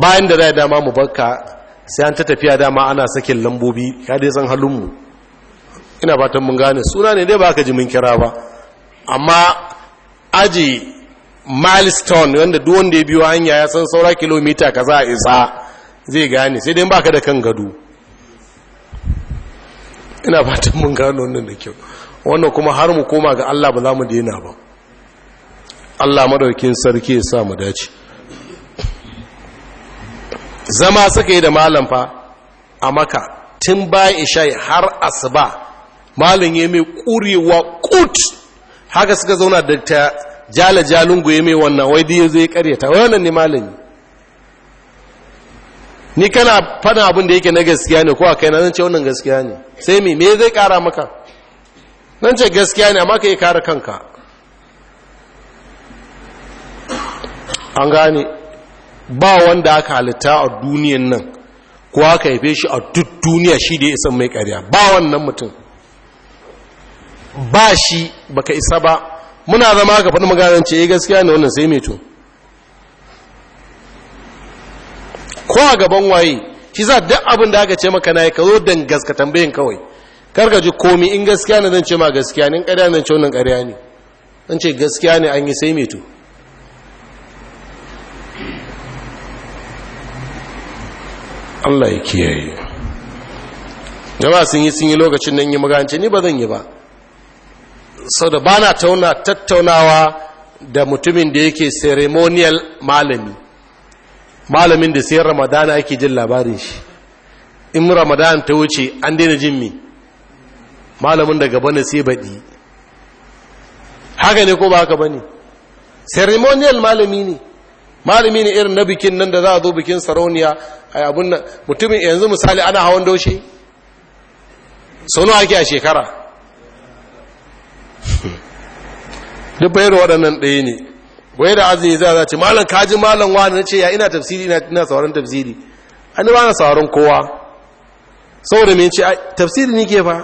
bayan da zai dama mu barka sai an ta tafiya dama ana sakin lambobi ya dai san halinmu ina fatan mun gane suna ne dai ba ka ji mun kira ba amma aji milestone wanda duk wanda ya biyo hanya ya san saura kilomita kaza a isa zai gane sai dai ba ka da kan gado ina fatan mun gano wannan da kyau wannan kuma har mu koma ga Allah ba za mu daina ba Allah madaukin sarki ya sa mu dace zama suka yi da malam fa a maka tun bayan ishai har asuba malam ya mai kurewa kut haka suka zauna da ta jala jalungu ya mai wannan wai dai zai karyata wannan ne malami ni kana fana abin da yake na gaskiya ne ko a kai na zan ce wannan gaskiya ne sai me me zai kara maka nan ce gaskiya ne amma ka yi kare kanka an gane ba wanda aka halitta a duniyan nan ko aka haife shi a duk duniya shi da ya isa mai ƙarya ba wannan mutum ba shi baka isa ba muna zama ka faɗi maganar ce eh, gaskiya ne wannan sai mai ko a gaban waye shi za duk abin da aka ce maka na yi ka zo don gaska tambayin kawai karka ji komi in gaskiya ne zan ce ma gaskiya ne in ƙarya ne ce wannan ƙarya ne zan ce gaskiya ne an yi sai mai Allah ya kiyaye jama'a sun yi sun yi lokacin nan yi maganci ni ba zan yi ba sau da ba na tattaunawa da mutumin da yake ceremonial malami malamin da sai ramadana ake jin labarin shi in ramadana ta wuce an daina jin mi malamin daga bane sai baɗi haka ne ko ba haka ba ne ceremonial malami ne malami ne irin na bikin nan da za a zo bikin sarauniya a abun nan mutumin yanzu misali ana hawan daushe sau nawa ake a shekara duk bayar waɗannan ɗaya ne wai da azumi za a ce malam kaji malam wani na ce ya ina tafsiri ina sauran tafsiri an ba na sauran kowa saboda mai ce tafsiri ke fa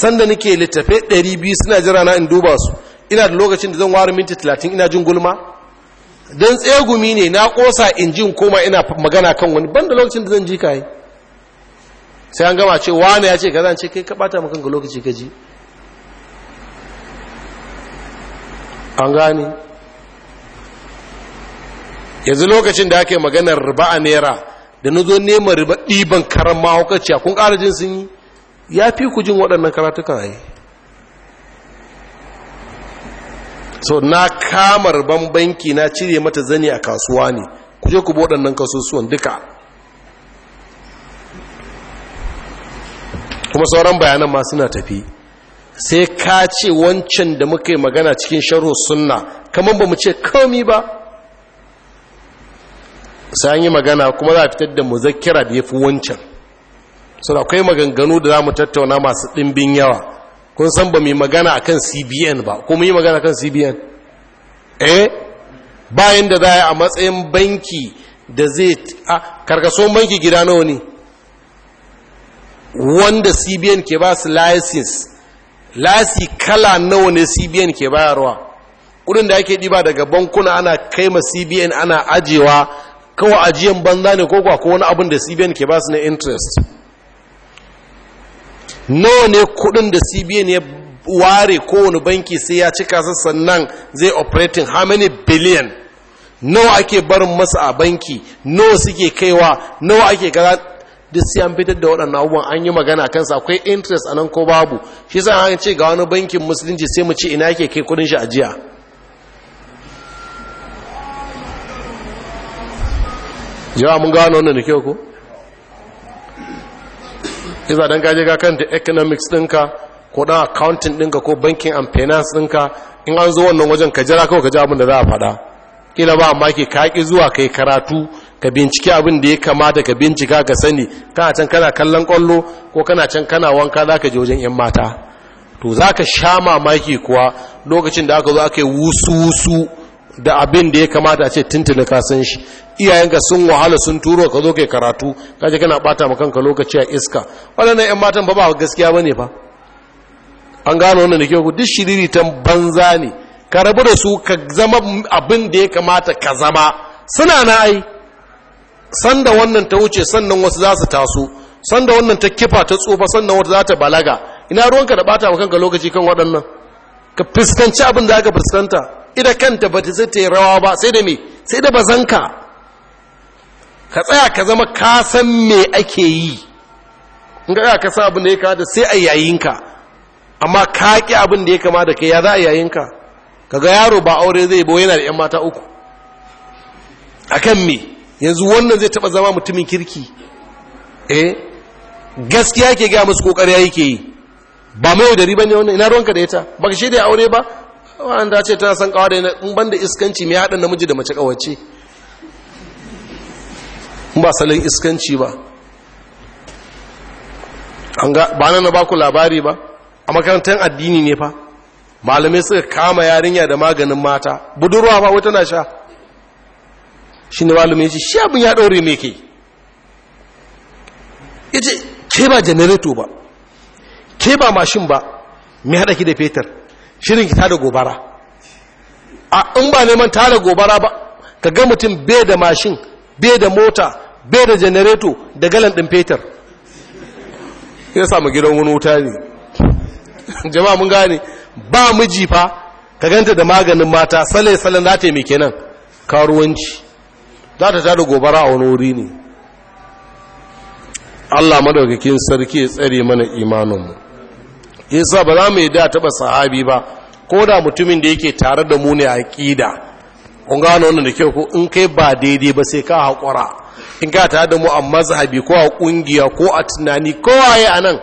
sanda nake littafe 200 suna jira na in duba su ina da lokacin da zan ware minti 30 ina jin gulma don tsegumi ne na kosa in jin koma ina magana kan wani banda lokacin da zan ji kayi sai an gama ce wane ya ce ka zan ce kai ka ɓata makon ga lokaci ka ji an gane yanzu lokacin da ake maganar riba a naira da na zo neman riba ɗiban karan kun ƙara sun yi ya fi ku jin waɗannan karatukan a yi so na kamar banki na cire mata zani a kasuwa ne ku je ku waɗannan kasusuwan duka kuma sauran bayanan ma suna tafi sai ka ce wancan da muka yi magana cikin sharhu sunna kamar ba mu ce komi ba sai yi magana kuma za a fitar da muzakkira da ya fi wancan sau akwai maganganu da za mu tattauna masu ɗimbin yawa kun san ba mai magana akan cbn ba ko yi magana akan cbn eh bayan da za a matsayin banki da zai a karkason banki gida nawa ne wanda cbn ke ba su license lasi kala nawa ne cbn ke bayarwa kudin da ake ɗiba daga bankuna ana kai ma cbn ana ajewa kawai ajiyan banza ne ko kwa ko wani abin da cbn ke ba su na interest nawa ne kudin da cbn ya ware kowane banki sai ya cika su nan zai operating how many billion nawa ake barin masu a banki nawa suke kaiwa nawa ake gara duk sai fitar da waɗannan abubuwan an yi magana kansa akwai interest a nan ko babu shi sa an ce ga wani bankin musulunci sai mu ce ina yake kai kudin shi ajiya jawa mun gano wannan da kyau ko isa don gaje ga kan da economics ɗinka ko ɗan accounting ɗinka ko banking and finance ɗinka in an zo wannan wajen ka jira kawai ka ji abin da za a faɗa ina ba amma ke ka haƙi zuwa yi karatu ka binciki abin da ya kamata ka bincika ka sani kana can kana kallon ƙwallo ko kana can kana wanka za ka je wajen 'yan mata to za ka sha mamaki kuwa lokacin da aka zo aka yi wusu-wusu da abin da ya kamata a ce tuntuni ka san shi iyayenka sun wahala sun turo ka zo ke karatu kaje kana bata ma kanka lokaci a iska waɗannan yan matan ba ba gaskiya bane fa an gano wannan da ke ku duk shiriri tan banza ne ka rabu da su ka zama abin da ya kamata ka zama suna na ai sanda wannan ta wuce sannan wasu za su taso sanda wannan ta kifa ta tsofa sannan wata za ta balaga ina ruwanka da bata ma kanka lokaci kan waɗannan ka fuskanci abin da aka fuskanta ida kanta ba ta ta rawa ba sai da me sai da bazanka ka tsaya ka zama ka san me ake yi in ga ka sa abin da ya kama da sai a yayinka amma ka ƙi abin da ya kama da kai ya za a yayinka Ka ga yaro ba aure zai bo yana da 'yan mata uku A kan me yanzu wannan zai taba zama mutumin kirki eh gaskiya ke gaya musu kokari yake yi ba mai da riba ne wannan ina ruwanka da ita ka shi da aure ba wa'an da ce tana son kawo da yana in da iskanci mai haɗin namiji da mace kawace ba salin iskanci ba ba nan na baku labari ba a makarantar addini ne fa malamai suka kama yarinya da maganin mata budurwa ba wata na sha shi ne malamai ce shi abin ya ɗaure mai ke ce ke ba janareto ba ke ba mashin ba mai haɗa ki da fetur shirin ki tada gobara a in ba neman tada gobara ba ka ga mutum be da mashin be da mota be da janareto da galan ɗin fetur ya samu gidan wani wuta ne jama'a mun gane ba miji fa ka ganta da maganin mata sale sale za ta yi mai kenan karuwanci za ta tada gobara a wani wuri ne Allah madaukakin sarki ya tsare mana imanin mu yasa ba za mu yadda taɓa sahabi ba ko da mutumin da yake tare da mu ne a ƙida kun gano wannan da kyau ko in kai ba daidai ba sai ka haƙura in ka tare da mu a mazhabi ko a ƙungiya ko a tunani ko waye a nan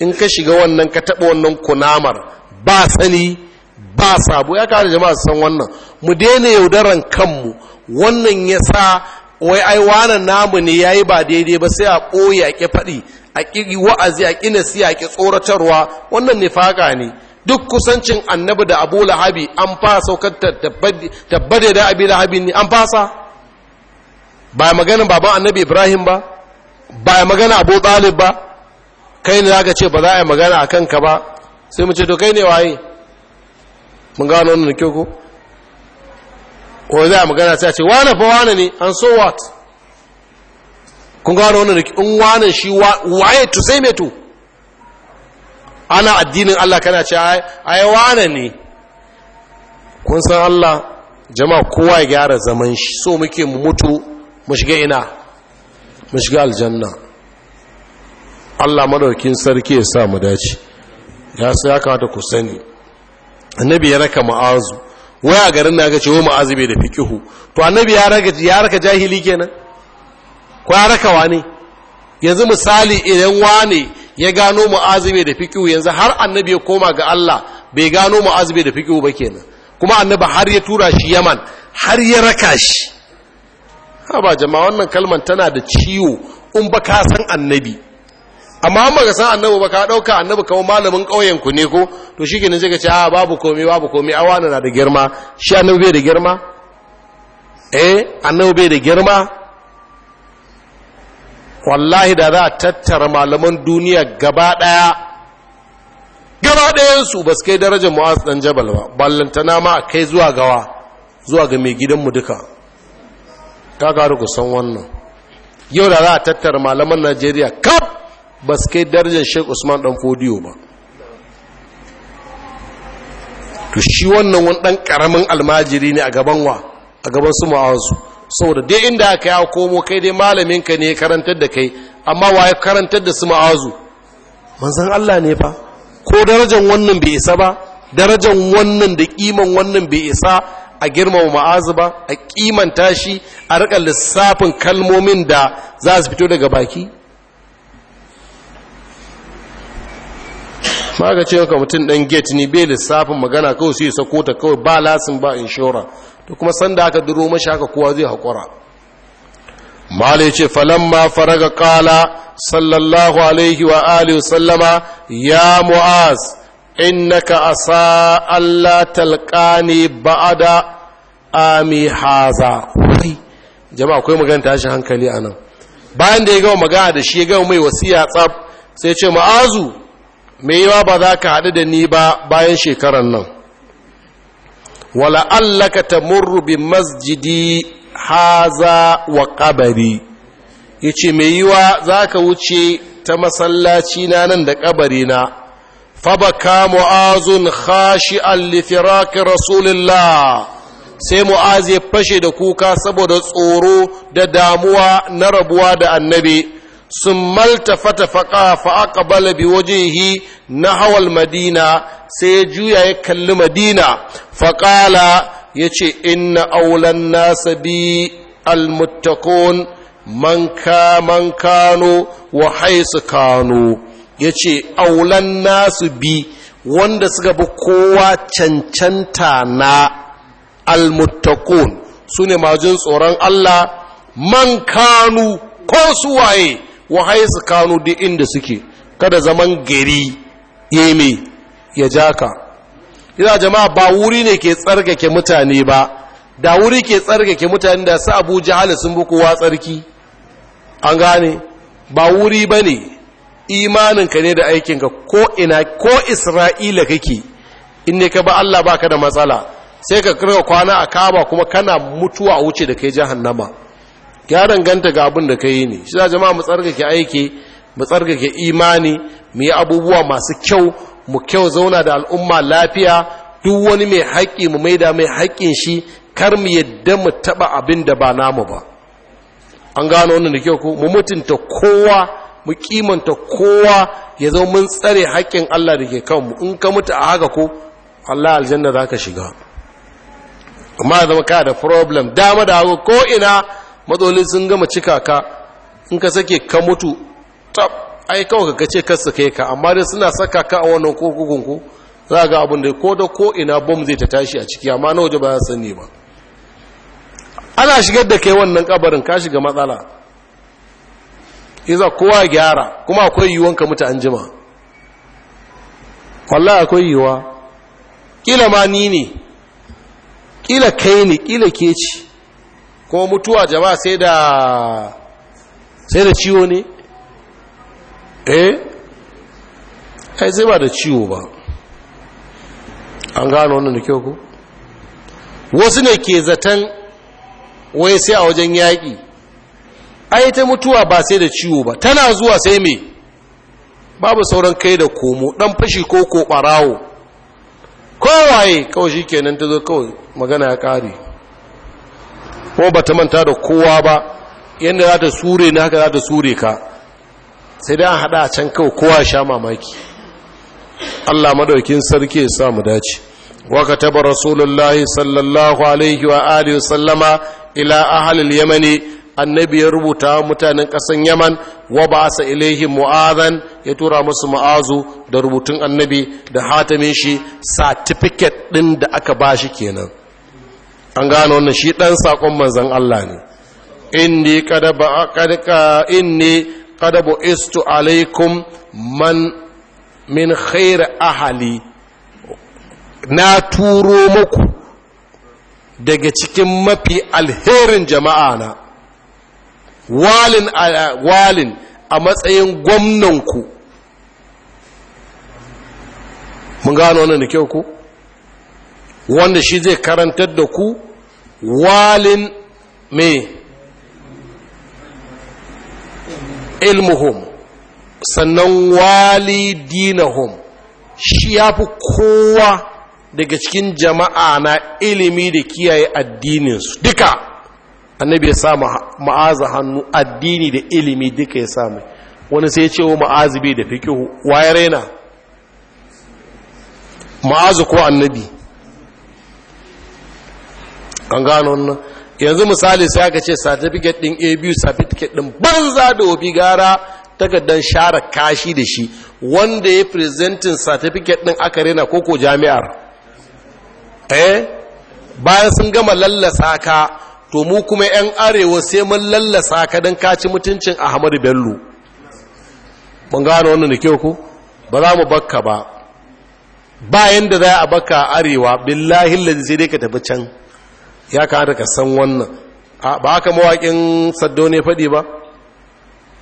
in ka shiga wannan ka taɓa wannan kunamar ba sani ba sabo ya kare jama'a san wannan mu daina yaudaran kanmu wannan yasa wai ai wannan namu ne yayi ba daidai ba sai a ɓoye a ƙi faɗi a ƙi wa'azi a ƙi nasiya a ƙi tsoratarwa wannan nifaka ne duk kusancin annabi da abu lahabi an fasa saukar tabbade da abu lahabi ne an fasa ba magana baban annabi ibrahim ba ba magana abu ɗalib ba kai ne za ce ba za a yi magana a kanka ba sai mu ce to kai ne waye mun gano wannan da kyau ko ko za a magana sai a ce wane fa wane ne an so what kun gano wannan in wanan shi waye to sai me ana addinin Allah kana ce ai wanan ne kun san Allah jama'a kowa ya gyara zaman shi so muke mu mutu mu shiga ina mu shiga aljanna Allah madaukin sarki ya sa mu dace ya sai ya kamata ku sani annabi ya raka ma'azu waya garin na ga cewa ma'azu bai da fikihu? to annabi ya raka ya raka jahili kenan ko ya raka wane yanzu misali idan wane ya gano mu'azibe da fikihu yanzu har annabi ya koma ga Allah bai gano mu'azibe da fikihu ba kenan kuma annabi har ya tura shi Yaman har ya raka shi ha ba jama'a wannan kalman tana da ciwo in ba ka san annabi amma an san annabi ba ka dauka annabi kawo malamin kauyen ku ne ko to shi kenan sai ka ce a ah, babu komai babu komai awana na da girma shi annabi bai da girma eh annabi bai da girma wallahi da za a tattara malaman duniya gaba ɗaya gaba ɗayansu ba su kai darajar mu'az ɗan jabal ba ballantana ma a kai zuwa gawa zuwa ga mai gidanmu duka ta karu ku san wannan yau da za a tattara malaman najeriya kaf ba su kai darajar sheik usman dan fodiyo ba to shi wannan wani ɗan ƙaramin almajiri ne a gaban wa a gaban su mu'azu saboda dai inda aka yawo komo kai dai ka ne karantar da kai amma wa karantar da su ma'azu manzan Allah ne fa ko darajar wannan bai isa ba darajar wannan da kiman wannan bai isa a girmama ma'azu ba a kiman tashi a rika lissafin kalmomin da za su fito daga baki ma ga ce mutum ɗan gate ne bai lissafin magana kawai sai sako ta kawai ba lasin ba inshora to kuma sanda aka duro mashi haka kowa zai haƙura malai ce falamma faraga kala sallallahu alaihi wa alihi sallama ya mu'az innaka asa Allah talqani ba'ada ami haza jama'a akwai magana tashin hankali anan bayan da ya gama magana da shi ya gama mai wasiya tsab sai ce ma'azu me yawa ba za ka haɗu da ni ba bayan shekaran nan wala allaka murru bi masjidi haza wa kabari ce mai za ka wuce ta masallaci na nan da ƙabari na fabaka mu'azun khashi'an li rasulillah sai mu'az ya fashe da kuka saboda tsoro da damuwa na rabuwa da annabi sun fata faƙa fa'aƙabala bi wajehi na hawal madina sai ya juya ya kalli madina faƙala ya ce inna aulan nasa bi almuttakon manka man wa haisu kano ya ce aulan nasu bi wanda suka bi kowa cancanta na almuttakon su ne majin tsoron Allah man kanu ko waye. wa haisu kanu duk inda suke kada zaman gari ya ya ja ka ina jama'a ba wuri ne ke tsarkake mutane ba da wuri ke tsarkake mutane da su abu jihali sun bi kowa tsarki an gane ba wuri ba ne imaninka ne da aikinka ko ina ko isra'ila kake in ne ka ba allah baka da matsala sai ka kira kwana a kaba kuma kana mutuwa a wuce da kai jahannama ya danganta ga abin da ka yi ne shi za jama'a mu tsarkake aiki mu tsargake imani mu yi abubuwa masu kyau mu kyau zauna da al'umma lafiya duk wani mai haƙƙi mu maida mai haƙƙin shi kar mu yadda mu taɓa abin da ba namu ba an gano wannan da kyau ko mu mutunta kowa mu kimanta kowa ya zo mun tsare haƙƙin Allah da ke kanmu in ka mutu a haka ko Allah aljanna za ka shiga amma zama ka da problem dama da hagu ko ina matsaloli sun gama cika ka in ka sake ka mutu tab ai kawai ka ce ka kai ka amma dai suna saka ka a wannan kokokun za za ga abin da ko da ko ina bom zai ta tashi a ciki amma na waje ba ya sani ba ana shigar da kai wannan kabarin ka shiga matsala iza kowa gyara kuma akwai yiwuwan ka mutu anjima. jima wallahi akwai yiwuwa kila ma ni ne kila kai ne kila ke ci ko mutuwa jama'a sai da sai da ciwo ne eh ai sai ba da ciwo ba an gano wannan da kyau ko wasu ne ke zaton wai sai a wajen yaƙi ai ta mutuwa ba sai da ciwo ba tana zuwa sai me babu sauran kai da komo dan fashi ko ko barawo kowaye kawai shi kenan ta zo kawai magana ya ƙare ko ba ta manta da kowa ba yadda za ta sure na haka za ta sure ka sai dai an haɗa a can kawai kowa sha mamaki allah madaukin sarki ya sa mu dace waka taba rasulullahi sallallahu alaihi wa alihi sallama ila ahalil yamani annabi ya rubuta mutanen ƙasan yaman wa ba sa ilaihi mu'azan ya tura musu mu'azu da rubutun annabi da hatamin shi satifiket ɗin da aka ba shi kenan an gano wannan shi ɗan saƙon manzan Allah ne inni kada ba inni kadabu istu alaikum man min khair ahali na turo muku daga cikin mafi alherin jama'a na walin walin a matsayin gwamnanku mun gano wannan da kyau ko wanda shi zai karantar da ku walin me ilmuhum sannan wali dinahum shi ya fi kowa daga cikin jama'a na ilimi da kiyaye addininsu duka annabi ya sa ma'aza hannu addini da ilimi duka ya mai. wani sai ce wa ma'azi bai da fikihu waye raina ma'azu ko annabi an gano wannan yanzu misali sai aka ce certificate din abu certificate din banza da obi gara takardar share kashi da shi wanda ya presenting certificate din aka rena koko jami'ar eh bayan sun gama lallasa ka to mu kuma 'yan arewa sai mun lallasa ka don kaci mutuncin ahmadu bello mun gano wannan da kyau ku ba za mu bakka ba bayan da za a bakka arewa billahi lalzi dai ka tafi can ya kada ka san wannan ba haka mawaƙin saddo ne faɗi ba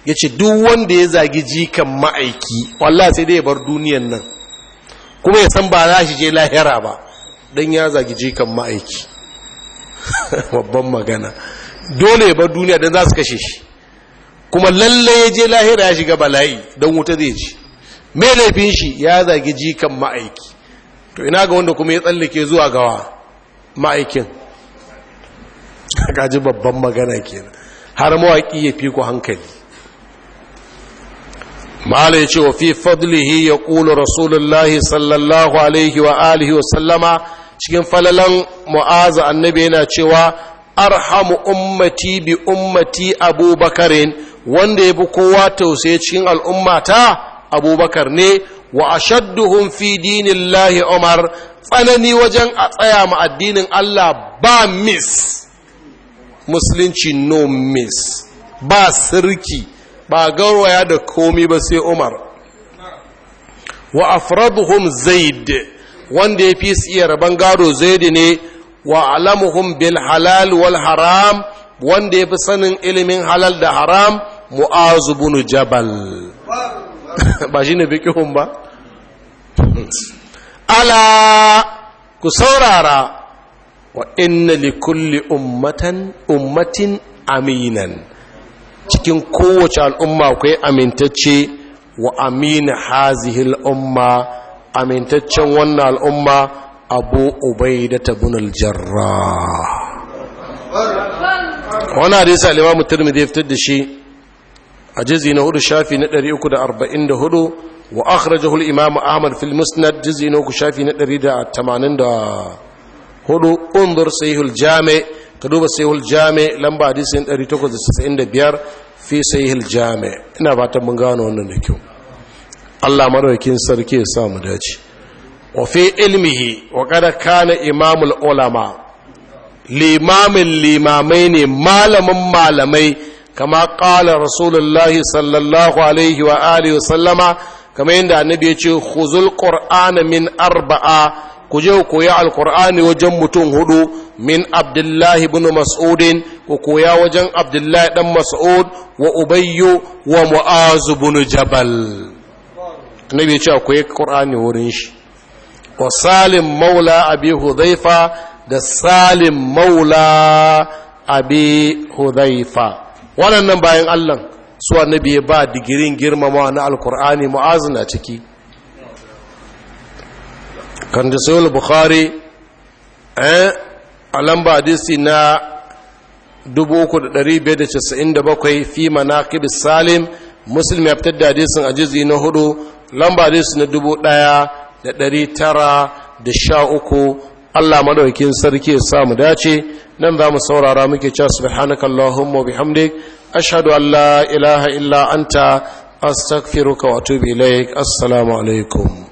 ya ce duk wanda ya zagi jikan ma'aiki wallah sai dai ya bar duniyan nan kuma ya san ba za shi je lahira ba don ya zagi jikan ma'aiki babban magana dole ya bar duniya don za su kashe shi kuma lalle ya je lahira ya shiga bala'i don wuta zai ji mai laifin shi ya zagi jikan ma'aiki to ina ga wanda kuma ya tsallake zuwa gawa ma'aikin ji babban magana kenan har mawaƙi ya fi ku hankali mala ya ce wa fi fadlihi ya ƙulu rasulullahi sallallahu alaihi wa alihi wa sallama cikin falalan mu'aza annabi yana cewa arhamu ummati bi ummati abubakarin wanda ya fi kowa tausaye cikin al'ummata abubakar ne wa ashadduhum fi dinillahi umar tsanani wajen a tsaya ma addinin allah ba mis musulunci no miss ba sirki ba garwaya da komi ba sai umar wa afraduhum zaid wanda ya fi su iya rabon gado zaid ne wa alamuhum bil halal wal haram wanda ya fi sanin ilimin halal da haram mu'azu bin jabal ba shi ne ba ala ku saurara wa inna li kulli ummatan ummatin aminan cikin kowace al'umma akwai amintacce wa amina hazihil umma amintaccen wannan al'umma abu ubaidata bin jarrah wani hadisi alimamu turmidi ya fitar da shi a jizi na hudu shafi na 344 wa akhrajahu al-imam ahmad fil musnad jizi na uku shafi na 180 hudu undur sahihul jami ka duba sahihul jami lamba hadisin 895 fi sahihul jami ina fatan mun gano wannan da kyau Allah madaukakin sarki ya sa mu dace wa fi ilmihi wa kada kana imamul ulama limamin limamai ne malamin malamai kama kala rasulullahi sallallahu alaihi wa alihi wasallama kama yadda annabi ya ce khuzul qur'ana min arba'a ku je ku koya alkur'ani wajen mutum hudu min abdullahi ibn mas'udin ku koya wajen abdullahi dan mas'ud wa ubayyu wa mu'az ibn jabal nabi ya ce yi qur'ani wurin shi wa salim maula abi hudhaifa da salim maula abi hudhaifa waɗannan bayan Allah su annabi ya ba digirin girmama na alkur'ani mu'az na ciki kan da sayul bukhari eh, a lamba hadisi na 3,597 fi manaqib salim muslim ya fitar da hadisin a jizi na hudu lamba hadisi na 1,913 Allah madaukin sarki ya samu dace nan za mu saurara muke cewa subhanakallahumma bihamdik ashhadu an la ilaha illa anta astaghfiruka wa atubu ilaik assalamu alaikum